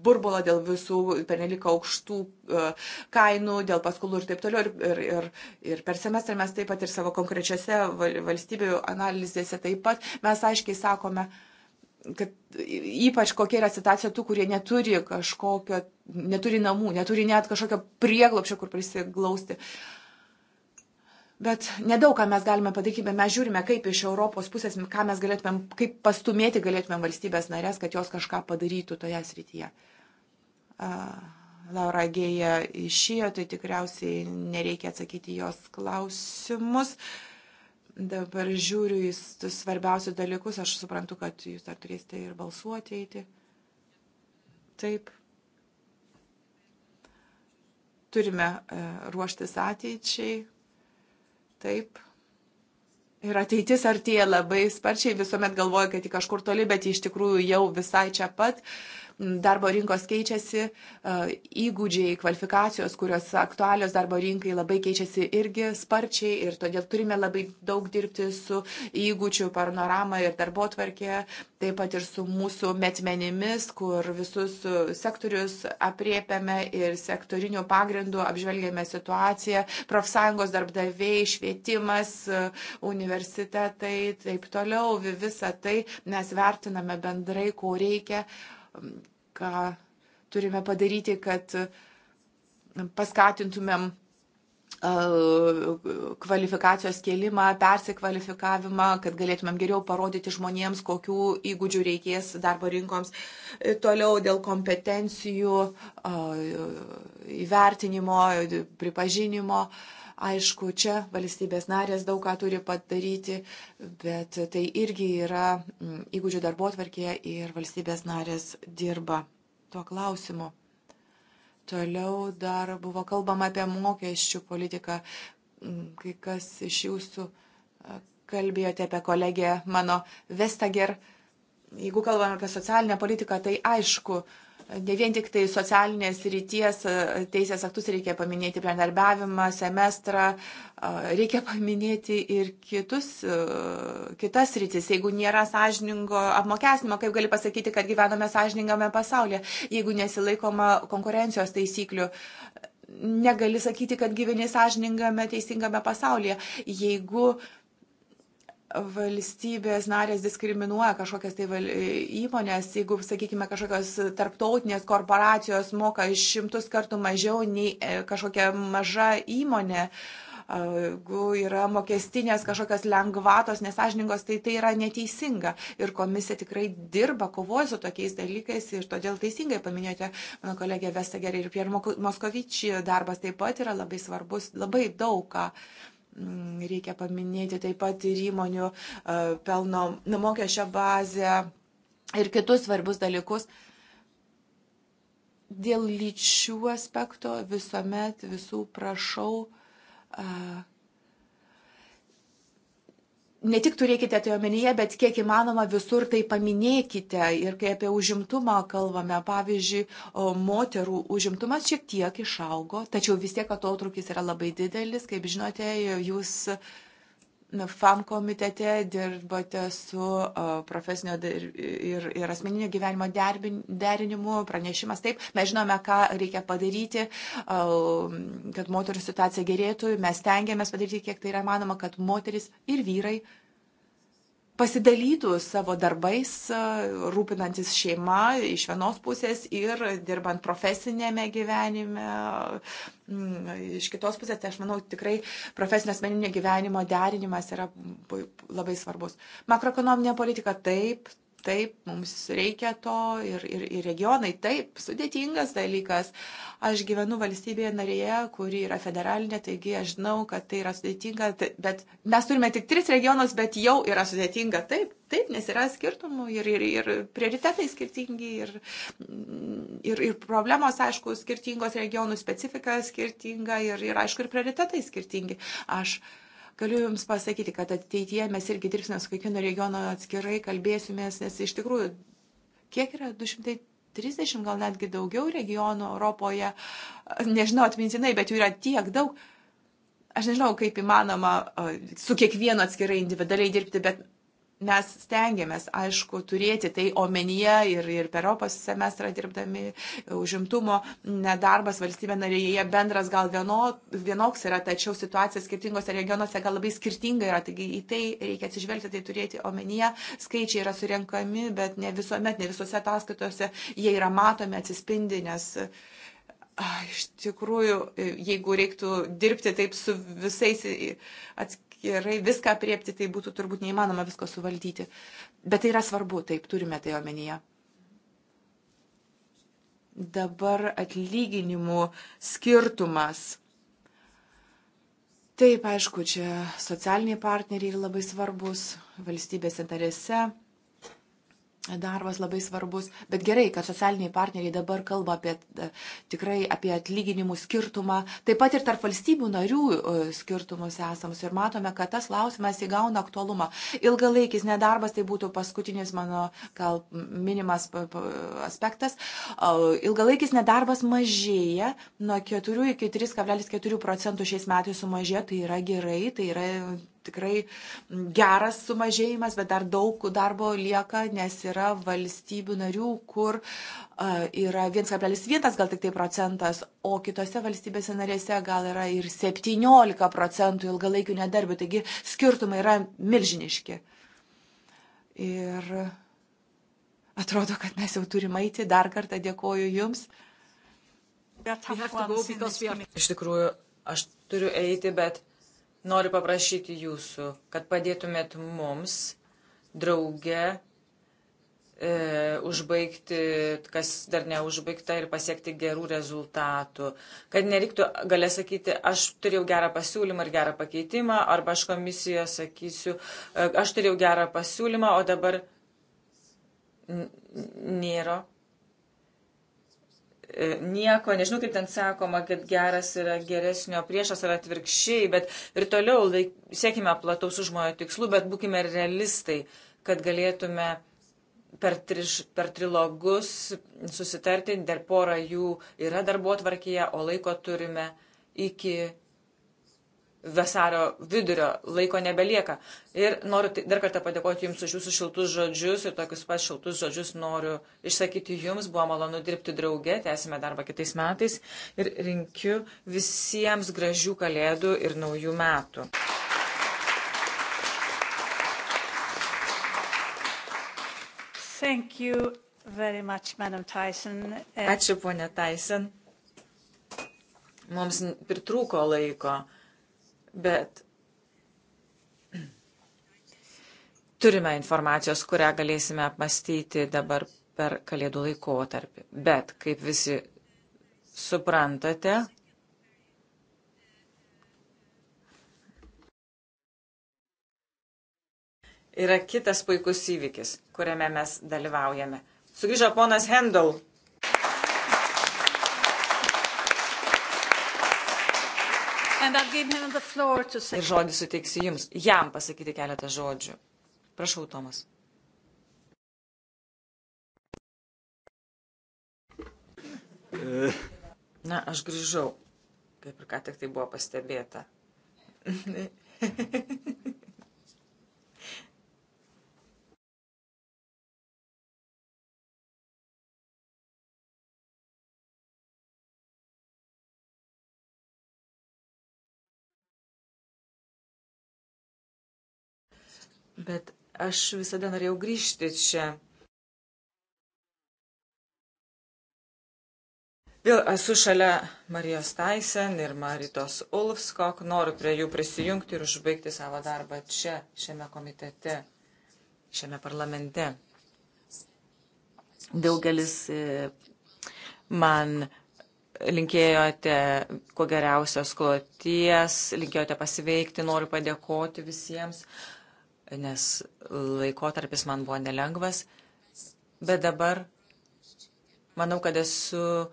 burbulo, dėl visų pernelik aukštų e, kainų, dėl paskolų ir taip toliau. Ir, ir, ir, ir per semestrą mes taip taip pat ir savo konkrečiose valstybių analizėse taip pat mes aiškiai sakome, kad ypač kokia yra situacija tų, kurie neturi kažkokio, neturi namų, neturi net kažkokio prieglopšio, kur prisiglausti. Bet nedaug ką mes galime padaryti, bet mes žiūrime, kaip iš Europos pusės, ką mes galėtumėm, kaip pastumėti galėtumėm valstybės narės, kad jos kažką padarytų toje srityje. Uh Laura Gėja išėjo, tai tikriausiai nereikia atsakyti jos klausimus. Dabar žiūriu į svarbiausius dalykus, aš suprantu, kad jūs dar turėsite ir balsuoti eiti. Taip. Turime e, ruoštis ateičiai. Taip. Ir ateitis artėja labai sparčiai, visuomet galvoju, kad į kažkur toli, bet iš tikrųjų jau visai čia pat. Uh, darbo rinkos keičiasi, e, įgūdžiai, kvalifikacijos, kurios aktualios darbo rinkai labai keičiasi irgi sparčiai ir todėl turime labai daug dirbti su įgūdžių panorama ir darbo tvarkė, taip pat ir su mūsų metmenimis, kur visus sektorius apriepiame ir sektorinių pagrindų apžvelgiame situaciją, profsąjungos darbdaviai, švietimas, universitetai, taip toliau, visą tai mes vertiname bendrai, ko reikia Um, ką turime padaryti, kad um, paskatintumėm uh, kvalifikacijos kėlimą, persikvalifikavimą, kad galėtumėm geriau parodyti žmonėms, kokių įgūdžių reikės darbo rinkoms. E, toliau dėl kompetencijų uh, įvertinimo, pripažinimo. Uh, Aišku, čia valstybės narės daug ką turi padaryti, bet tai irgi yra mm, įgūdžių darbo atvarkėje ir valstybės narės dirba tuo klausimu. Toliau dar buvo kalbama apie mokesčių politiką. Mm, kai kas iš jūsų kalbėjote apie kolegę mano Vestager. Jeigu kalbame apie socialinę politiką, tai aišku, uh, Ne vien tik tai socialinės ryties e, teisės aktus reikia paminėti, bendarbiavimą, semestrą, reikia paminėti ir kitus, e, kitas rytis. Jeigu nėra sąžiningo apmokesnimo, kaip gali pasakyti, kad gyvename sąžiningame pasaulyje, jeigu nesilaikoma konkurencijos taisyklių, negali sakyti, kad gyveni sąžiningame, teisingame pasaulyje, jeigu uh, valstybės narės diskriminuoja kažkokias tai įmonės, jeigu, sakykime, kažkokios tarptautinės korporacijos moka šimtus kartų mažiau nei e, kažkokia maža įmonė. Jeigu yra mokestinės kažkokios lengvatos, nesažiningos, tai tai yra neteisinga. Ir komisija tikrai dirba, kovoja su tokiais dalykais ir todėl teisingai paminėjote, mano kolegė Vestager ir Pierre Moskovičiai darbas taip pat yra labai svarbus, labai daug ką Mm, reikia paminėti taip pat ir įmonių e, pelno nu, mokesčio bazę ir kitus svarbius dalykus. Dėl lyčių aspekto visuomet visų prašau e, ne tik turėkite tai omenyje, bet kiek įmanoma visur tai paminėkite. Ir kai apie užimtumą kalbame, pavyzdžiui, moterų užimtumas šiek tiek išaugo, tačiau vis tiek atotrukis yra labai didelis. Kaip žinote, jūs FAM komitete dirbate su profesinio ir, ir asmeninio gyvenimo derbin, derinimu, pranešimas taip. Mes žinome, ką reikia padaryti, kad moterų situacija gerėtų. Mes tengiamės padaryti, kiek tai yra manoma, kad moteris ir vyrai pasidalytų savo darbais, e, rūpinantis šeima iš vienos pusės ir dirbant profesinėme gyvenime. Mm, iš kitos pusės, tai aš manau, tikrai profesinio asmeninio gyvenimo derinimas yra labai svarbus. Makroekonominė politika taip, taip, mums reikia to ir, ir, ir regionai, taip, sudėtingas dalykas. Aš gyvenu valstybėje narėje, kuri yra federalinė, taigi aš žinau, kad tai yra sudėtinga, bet mes turime tik tris regionus, bet jau yra sudėtinga, taip, taip, nes yra skirtumų ir, ir, ir prioritetai skirtingi, ir, ir, ir problemos, aišku, skirtingos regionų specifika skirtinga, ir, ir aišku, ir prioritetai skirtingi. Aš Galiu Jums pasakyti, kad ateityje mes irgi dirbsime su kiekvienu regionu atskirai, kalbėsimės, nes iš tikrųjų, kiek yra 200. 30 gal netgi daugiau regionų Europoje, nežinau atmintinai, bet jų yra tiek daug. Aš nežinau, kaip įmanoma su kiekvienu atskirai individualiai dirbti, bet mes stengiamės, aišku, turėti tai omenyje ir, ir per Europos semestrą dirbdami užimtumo nedarbas valstybė narėje bendras gal vieno, vienoks yra, tačiau situacija skirtingose regionuose gal labai skirtinga yra, taigi į tai reikia atsižvelgti, tai turėti omenyje, skaičiai yra surenkami, bet ne visuomet, ne visose ataskaitose jie yra matomi, atsispindi, nes iš tikrųjų, jeigu reiktų dirbti taip su visais atskirti, gerai viską apriepti, tai būtų turbūt neįmanoma visko suvaldyti. Bet tai yra svarbu, taip, turime tai omenyje. Dabar atlyginimų skirtumas. Taip, aišku, čia socialiniai partneriai labai svarbus valstybėse narėse darbas labai svarbus, bet gerai, kad socialiniai partneriai dabar kalba apie e, tikrai apie atlyginimų skirtumą, taip pat ir tarp valstybių narių e, skirtumus esamus ir matome, kad tas klausimas įgauna aktualumą. Ilgalaikis nedarbas tai būtų paskutinis mano gal minimas aspektas. E, ilgalaikis nedarbas mažėja nuo 4 iki 3,4 procentų šiais metais sumažėjo, tai yra gerai, tai yra tikrai geras sumažėjimas, bet dar daug darbo lieka, nes yra valstybių narių, kur yra 1,1 gal tik tai procentas, o kitose valstybėse narėse gal yra ir 17 procentų ilgalaikių nedarbių, taigi skirtumai yra milžiniški. Ir atrodo, kad mes jau turime eiti. Dar kartą dėkoju Jums. Iš tikrųjų, aš turiu eiti, bet Noriu paprašyti jūsų, kad padėtumėt mums drauge e, užbaigti, kas dar neužbaigta ir pasiekti gerų rezultatų. Kad nereiktų galę sakyti, aš turėjau gerą pasiūlymą ir gerą pakeitimą, arba aš komisijoje sakysiu, e, aš turėjau gerą pasiūlymą, o dabar nėra E, nieko, nežinau kaip ten sakoma, kad geras yra geresnio priešas ar atvirkščiai, bet ir toliau laik, siekime plataus užmojo tikslų, bet būkime realistai, kad galėtume per, triš, per trilogus susitarti, dar porą jų yra darbo tvarkyje, o laiko turime iki vasario vidurio laiko nebelieka. Ir noriu tai- dar kartą padėkoti Jums už Jūsų šiltus žodžius ir tokius pat šiltus žodžius noriu išsakyti Jums. Buvo malonu dirbti drauge, tęsime darbą kitais metais ir rinkiu visiems gražių kalėdų ir naujų metų. Thank you very much, Madam Tyson. Ačiū, ponė Tyson. Mums pritrūko laiko bet turime informacijos, kurią galėsime apmastyti dabar per kalėdų laikotarpį. Bet, kaip visi suprantate, yra kitas puikus įvykis, kuriame mes dalyvaujame. Sugrįžo ponas Hendel Say... Ir žodį suteiksiu jums, jam pasakyti keletą žodžių. Prašau, Tomas. Na, aš grįžau, kaip ir ką tik tai buvo pastebėta. Bet aš visada norėjau grįžti čia. Vėl esu šalia Marijos Taisen ir Maritos Ulfskok, noriu prie jų prisijungti ir užbaigti savo darbą čia, šiame komitete, šiame parlamente. Daugelis e, man linkėjote ko geriausios kloties, linkėjote pasiveikti, noriu padėkoti visiems nes laikotarpis man buvo nelengvas, bet dabar manau, kad esu,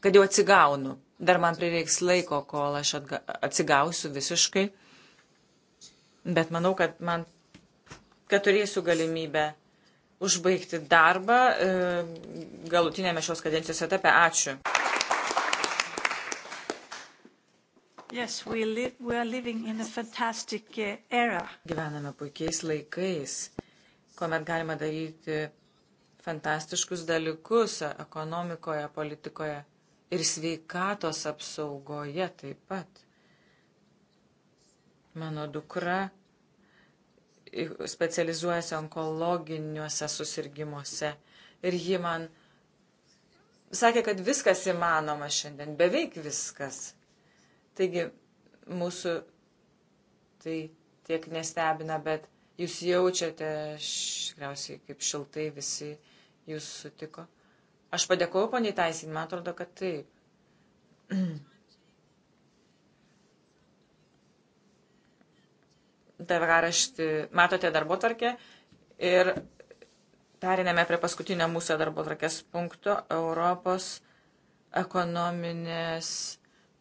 kad jau atsigaunu. Dar man prireiks laiko, kol aš atga, atsigausiu visiškai, bet manau, kad man, kad turėsiu galimybę užbaigti darbą e, galutinėme šios kadencijos etape. Ačiū. Yes, we, li we are living in a fantastic uh, era. Gyvename puikiais laikais, kuomet galima daryti fantastiškus dalykus e, ekonomikoje, politikoje ir sveikatos apsaugoje taip pat. Mano dukra specializuojasi onkologiniuose susirgymuose ir ji man sakė, kad viskas įmanoma šiandien, beveik viskas. Taigi mūsų tai tiek nestebina, bet jūs jaučiate, tikriausiai kaip šiltai visi jūs sutiko. Aš padėkoju poniai Taisin, man atrodo, kad taip. Tvarkaraštį matote darbo tarkę ir periname prie paskutinio mūsų darbo tarkės punkto Europos ekonominės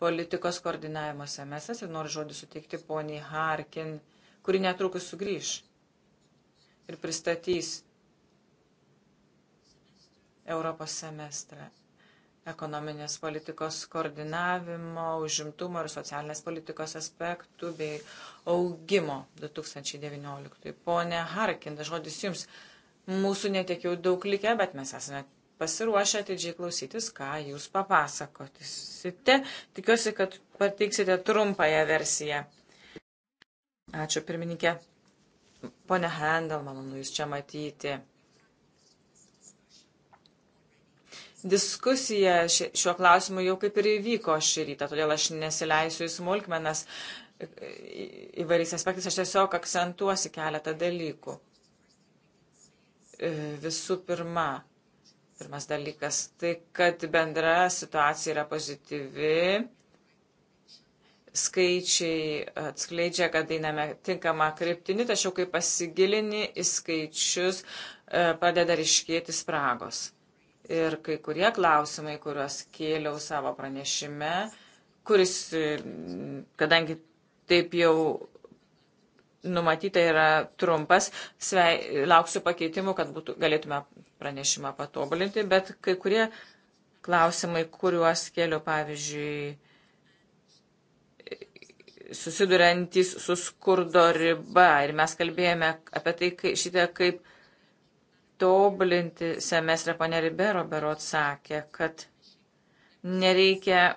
politikos koordinavimo semestras ir noriu žodį suteikti poniai Harkin, kuri netrukus sugrįž ir pristatys Europos semestrą ekonominės politikos koordinavimo, užimtumo ir socialinės politikos aspektų bei augimo 2019. Pone Harkinda, žodis jums. Mūsų netiek jau daug likę, bet mes esame pasiruošę atidžiai klausytis, ką jūs papasakotysite. Tikiuosi, kad pateiksite trumpąją versiją. Ačiū, pirmininkė. Pone Handel, malonu jūs čia matyti. Diskusija šiuo klausimu jau kaip ir įvyko šį rytą, todėl aš nesileisiu į smulkmenas įvairiais aspektais, aš tiesiog akcentuosi keletą dalykų. E, visų pirma, Pirmas dalykas - tai, kad bendra situacija yra pozityvi. Skaičiai atskleidžia, kad einame tinkamą kryptinį, tačiau kai pasigilini į skaičius, e, padeda ryškėti spragos. Ir kai kurie klausimai, kuriuos kėliau savo pranešime, kuris, e, kadangi taip jau numatyta yra trumpas, svei, lauksiu pakeitimų, kad būtų, galėtume pranešimą patobulinti, bet kai kurie klausimai, kuriuos keliu, pavyzdžiui, susidurantis su skurdo riba ir mes kalbėjome apie tai, kai, šitą kaip tobulinti semestrą, ponė Ribero berot sakė, kad nereikia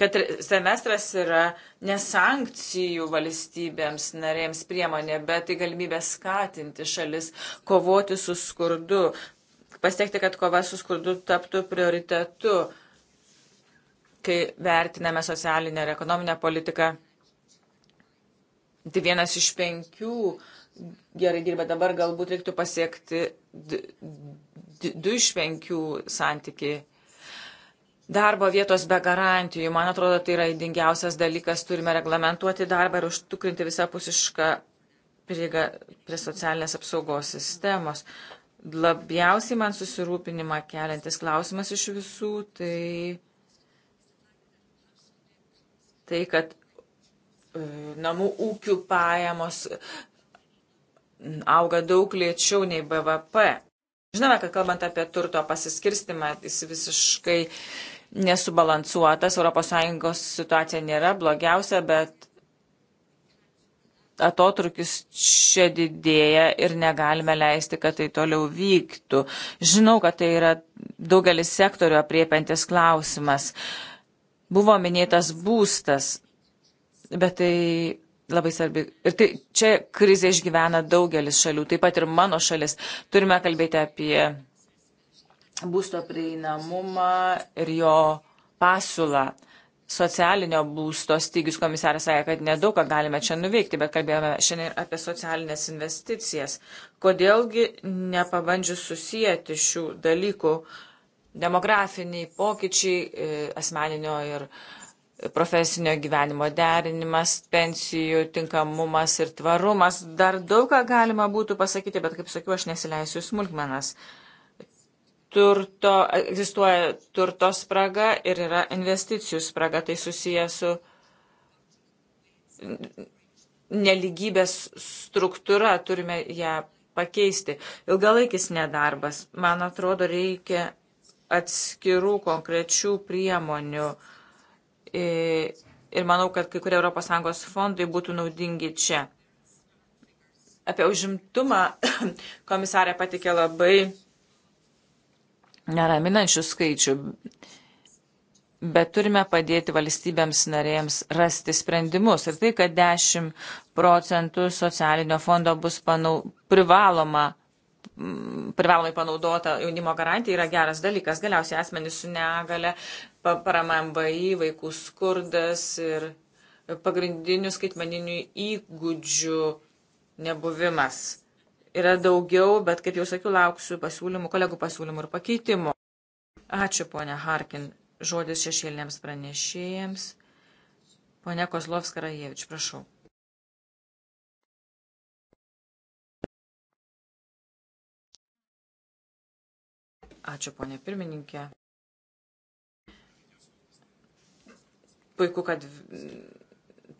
kad semestras yra ne sankcijų valstybėms narėms priemonė, bet tai galimybė skatinti šalis kovoti su skurdu, pasiekti, kad kova su skurdu taptų prioritetu, kai vertiname socialinę ir ekonominę politiką. Tai vienas iš penkių gerai dirba dabar, galbūt reiktų pasiekti du iš penkių santyki Darbo vietos be garantijų, man atrodo, tai yra įdingiausias dalykas, turime reglamentuoti darbą ir užtikrinti visapusišką prieigą prie socialinės apsaugos sistemos. Labiausiai man susirūpinimą keliantis klausimas iš visų, tai tai, kad e, namų ūkių pajamos auga daug lėčiau nei BVP. Žinome, kad kalbant apie turto pasiskirstimą, jis visiškai nesubalansuotas. ES situacija nėra blogiausia, bet atotrukis čia didėja ir negalime leisti, kad tai toliau vyktų. Žinau, kad tai yra daugelis sektorių apriepiantis klausimas. Buvo minėtas būstas, bet tai labai svarbi. Ir tai, čia krizė išgyvena daugelis šalių, taip pat ir mano šalis. Turime kalbėti apie būsto prieinamumą ir jo pasiūlą. Socialinio būsto stygius komisaras sakė, kad nedaug ką galime čia nuveikti, bet kalbėjome šiandien apie socialinės investicijas. Kodėlgi nepabandžius susijęti šių dalykų demografiniai pokyčiai, e, asmeninio ir profesinio gyvenimo derinimas, pensijų tinkamumas ir tvarumas. Dar daug ką galima būtų pasakyti, bet kaip sakiau, aš nesileisiu smulkmenas turto, egzistuoja turto spraga ir yra investicijų spraga. Tai susiję su neligybės struktūra, turime ją pakeisti. Ilgalaikis nedarbas, man atrodo, reikia atskirų konkrečių priemonių. E, ir manau, kad kai kurie ES fondai būtų naudingi čia. Apie užimtumą komisarė patikė labai neraminančių skaičių, bet turime padėti valstybėms narėms rasti sprendimus. Ir tai, kad 10 procentų socialinio fondo bus panau, privaloma, privalomai panaudota jaunimo garantija yra geras dalykas. Galiausiai asmenys su negale, parama MVI, vaikų skurdas ir pagrindinių skaitmeninių įgūdžių nebuvimas yra daugiau, bet, kaip jau sakiau, lauksiu pasiūlymų, kolegų pasiūlymų ir pakeitimų. Ačiū, ponia Harkin. Žodis šešėlėms pranešėjams. Pone Kozlovska Rajevič, prašau. Ačiū, ponė pirmininkė. Puiku, kad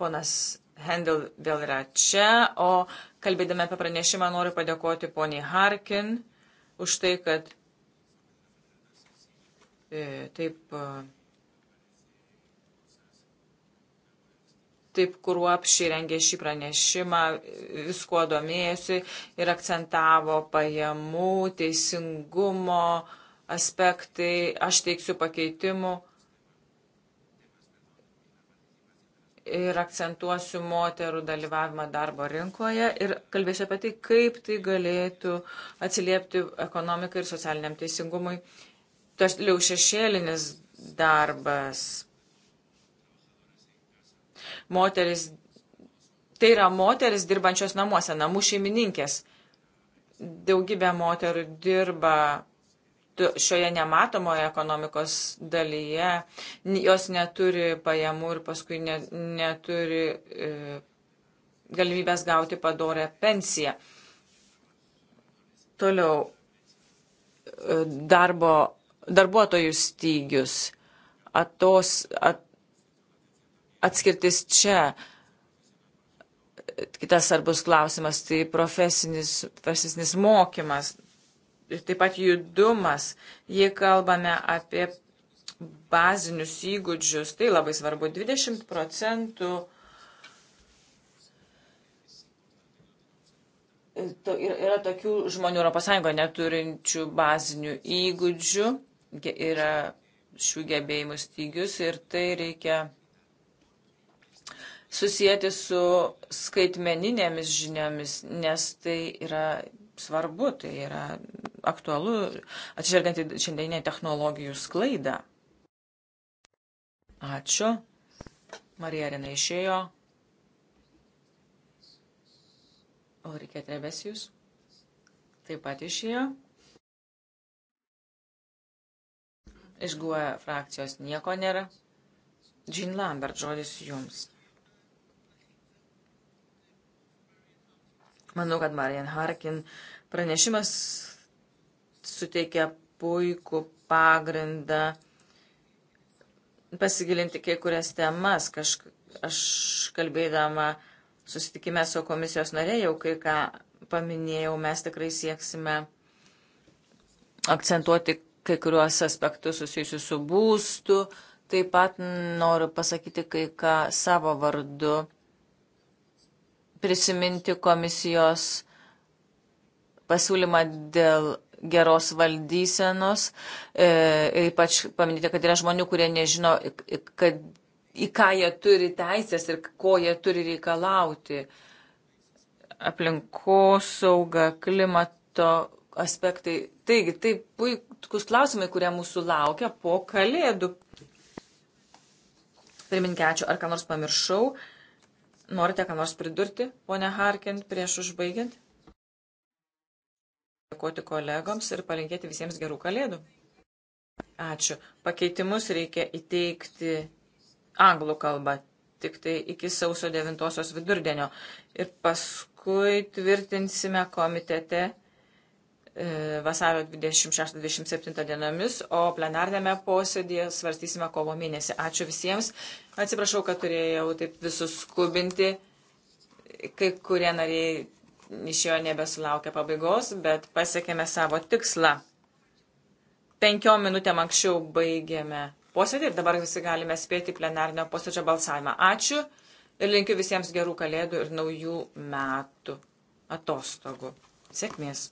ponas Hendel vėl yra čia, o kalbėdami apie pranešimą noriu padėkoti poniai Harkin už tai, kad e, taip, e, taip kruopšiai rengė šį pranešimą, viskuo domėjusi ir akcentavo pajamų, teisingumo aspektai, aš teiksiu pakeitimų ir akcentuosiu moterų dalyvavimą darbo rinkoje ir kalbėsiu apie tai, kaip tai galėtų atsiliepti ekonomikai ir socialiniam teisingumui. Toliau šešėlinis darbas. Moteris, tai yra moteris dirbančios namuose, namų šeimininkės. Daugybė moterų dirba šioje nematomoje ekonomikos dalyje, jos neturi pajamų ir paskui ne, neturi e, galimybės gauti padorę pensiją. Toliau e, darbo, darbuotojų stygius, atos, at, atskirtis čia. Kitas svarbus klausimas - tai profesinis, profesinis mokymas, taip pat judumas, jei kalbame apie bazinius įgūdžius, tai labai svarbu. 20 procentų yra tokių žmonių ES neturinčių bazinių įgūdžių, yra šių gebėjimų stygius ir tai reikia susijęti su skaitmeninėmis žiniomis, nes tai yra svarbu, tai yra aktualu atsižvelgiant į šiandieninę technologijų sklaidą. Ačiū. Marija Rina išėjo. Ulrike Trebesijus taip pat išėjo. Iš GUE frakcijos nieko nėra. Jean Lambert, žodis jums. Manau, kad Marian Harkin pranešimas suteikia puikų pagrindą pasigilinti kai kurias temas. Kažk aš kalbėdama susitikime su komisijos narė jau kai ką paminėjau, mes tikrai sieksime akcentuoti kai kuriuos aspektus susijusius su būstu. Taip pat noriu pasakyti kai ką savo vardu, prisiminti komisijos pasiūlymą dėl geros valdysenos. E, ypač paminėti, kad yra žmonių, kurie nežino, kad, į ką jie turi teisės ir ko jie turi reikalauti. Aplinkosauga, klimato aspektai. Taigi, tai puikus klausimai, kurie mūsų laukia po kalėdų. Pirminkė, ačiū, ar ką nors pamiršau. Norite ką nors pridurti, ponia Harkin, prieš užbaigiant? dėkoti kolegoms ir palinkėti visiems gerų kalėdų. Ačiū. Pakeitimus reikia įteikti anglų kalbą, tik tai iki sausio 9 vidurdienio. Ir paskui tvirtinsime komitete e, vasario 26-27 dienomis, o plenarnėme posėdėje svarstysime kovo mėnesį. Ačiū visiems. Atsiprašau, kad turėjau taip visus skubinti. Kai kurie nariai iš jo nebesulaukia pabaigos, bet pasiekėme savo tikslą. Penkiom minutėm anksčiau baigėme posėdį ir dabar visi galime spėti plenarnio posėdžio balsavimą. Ačiū ir linkiu visiems gerų kalėdų ir naujų metų atostogų. Sėkmės!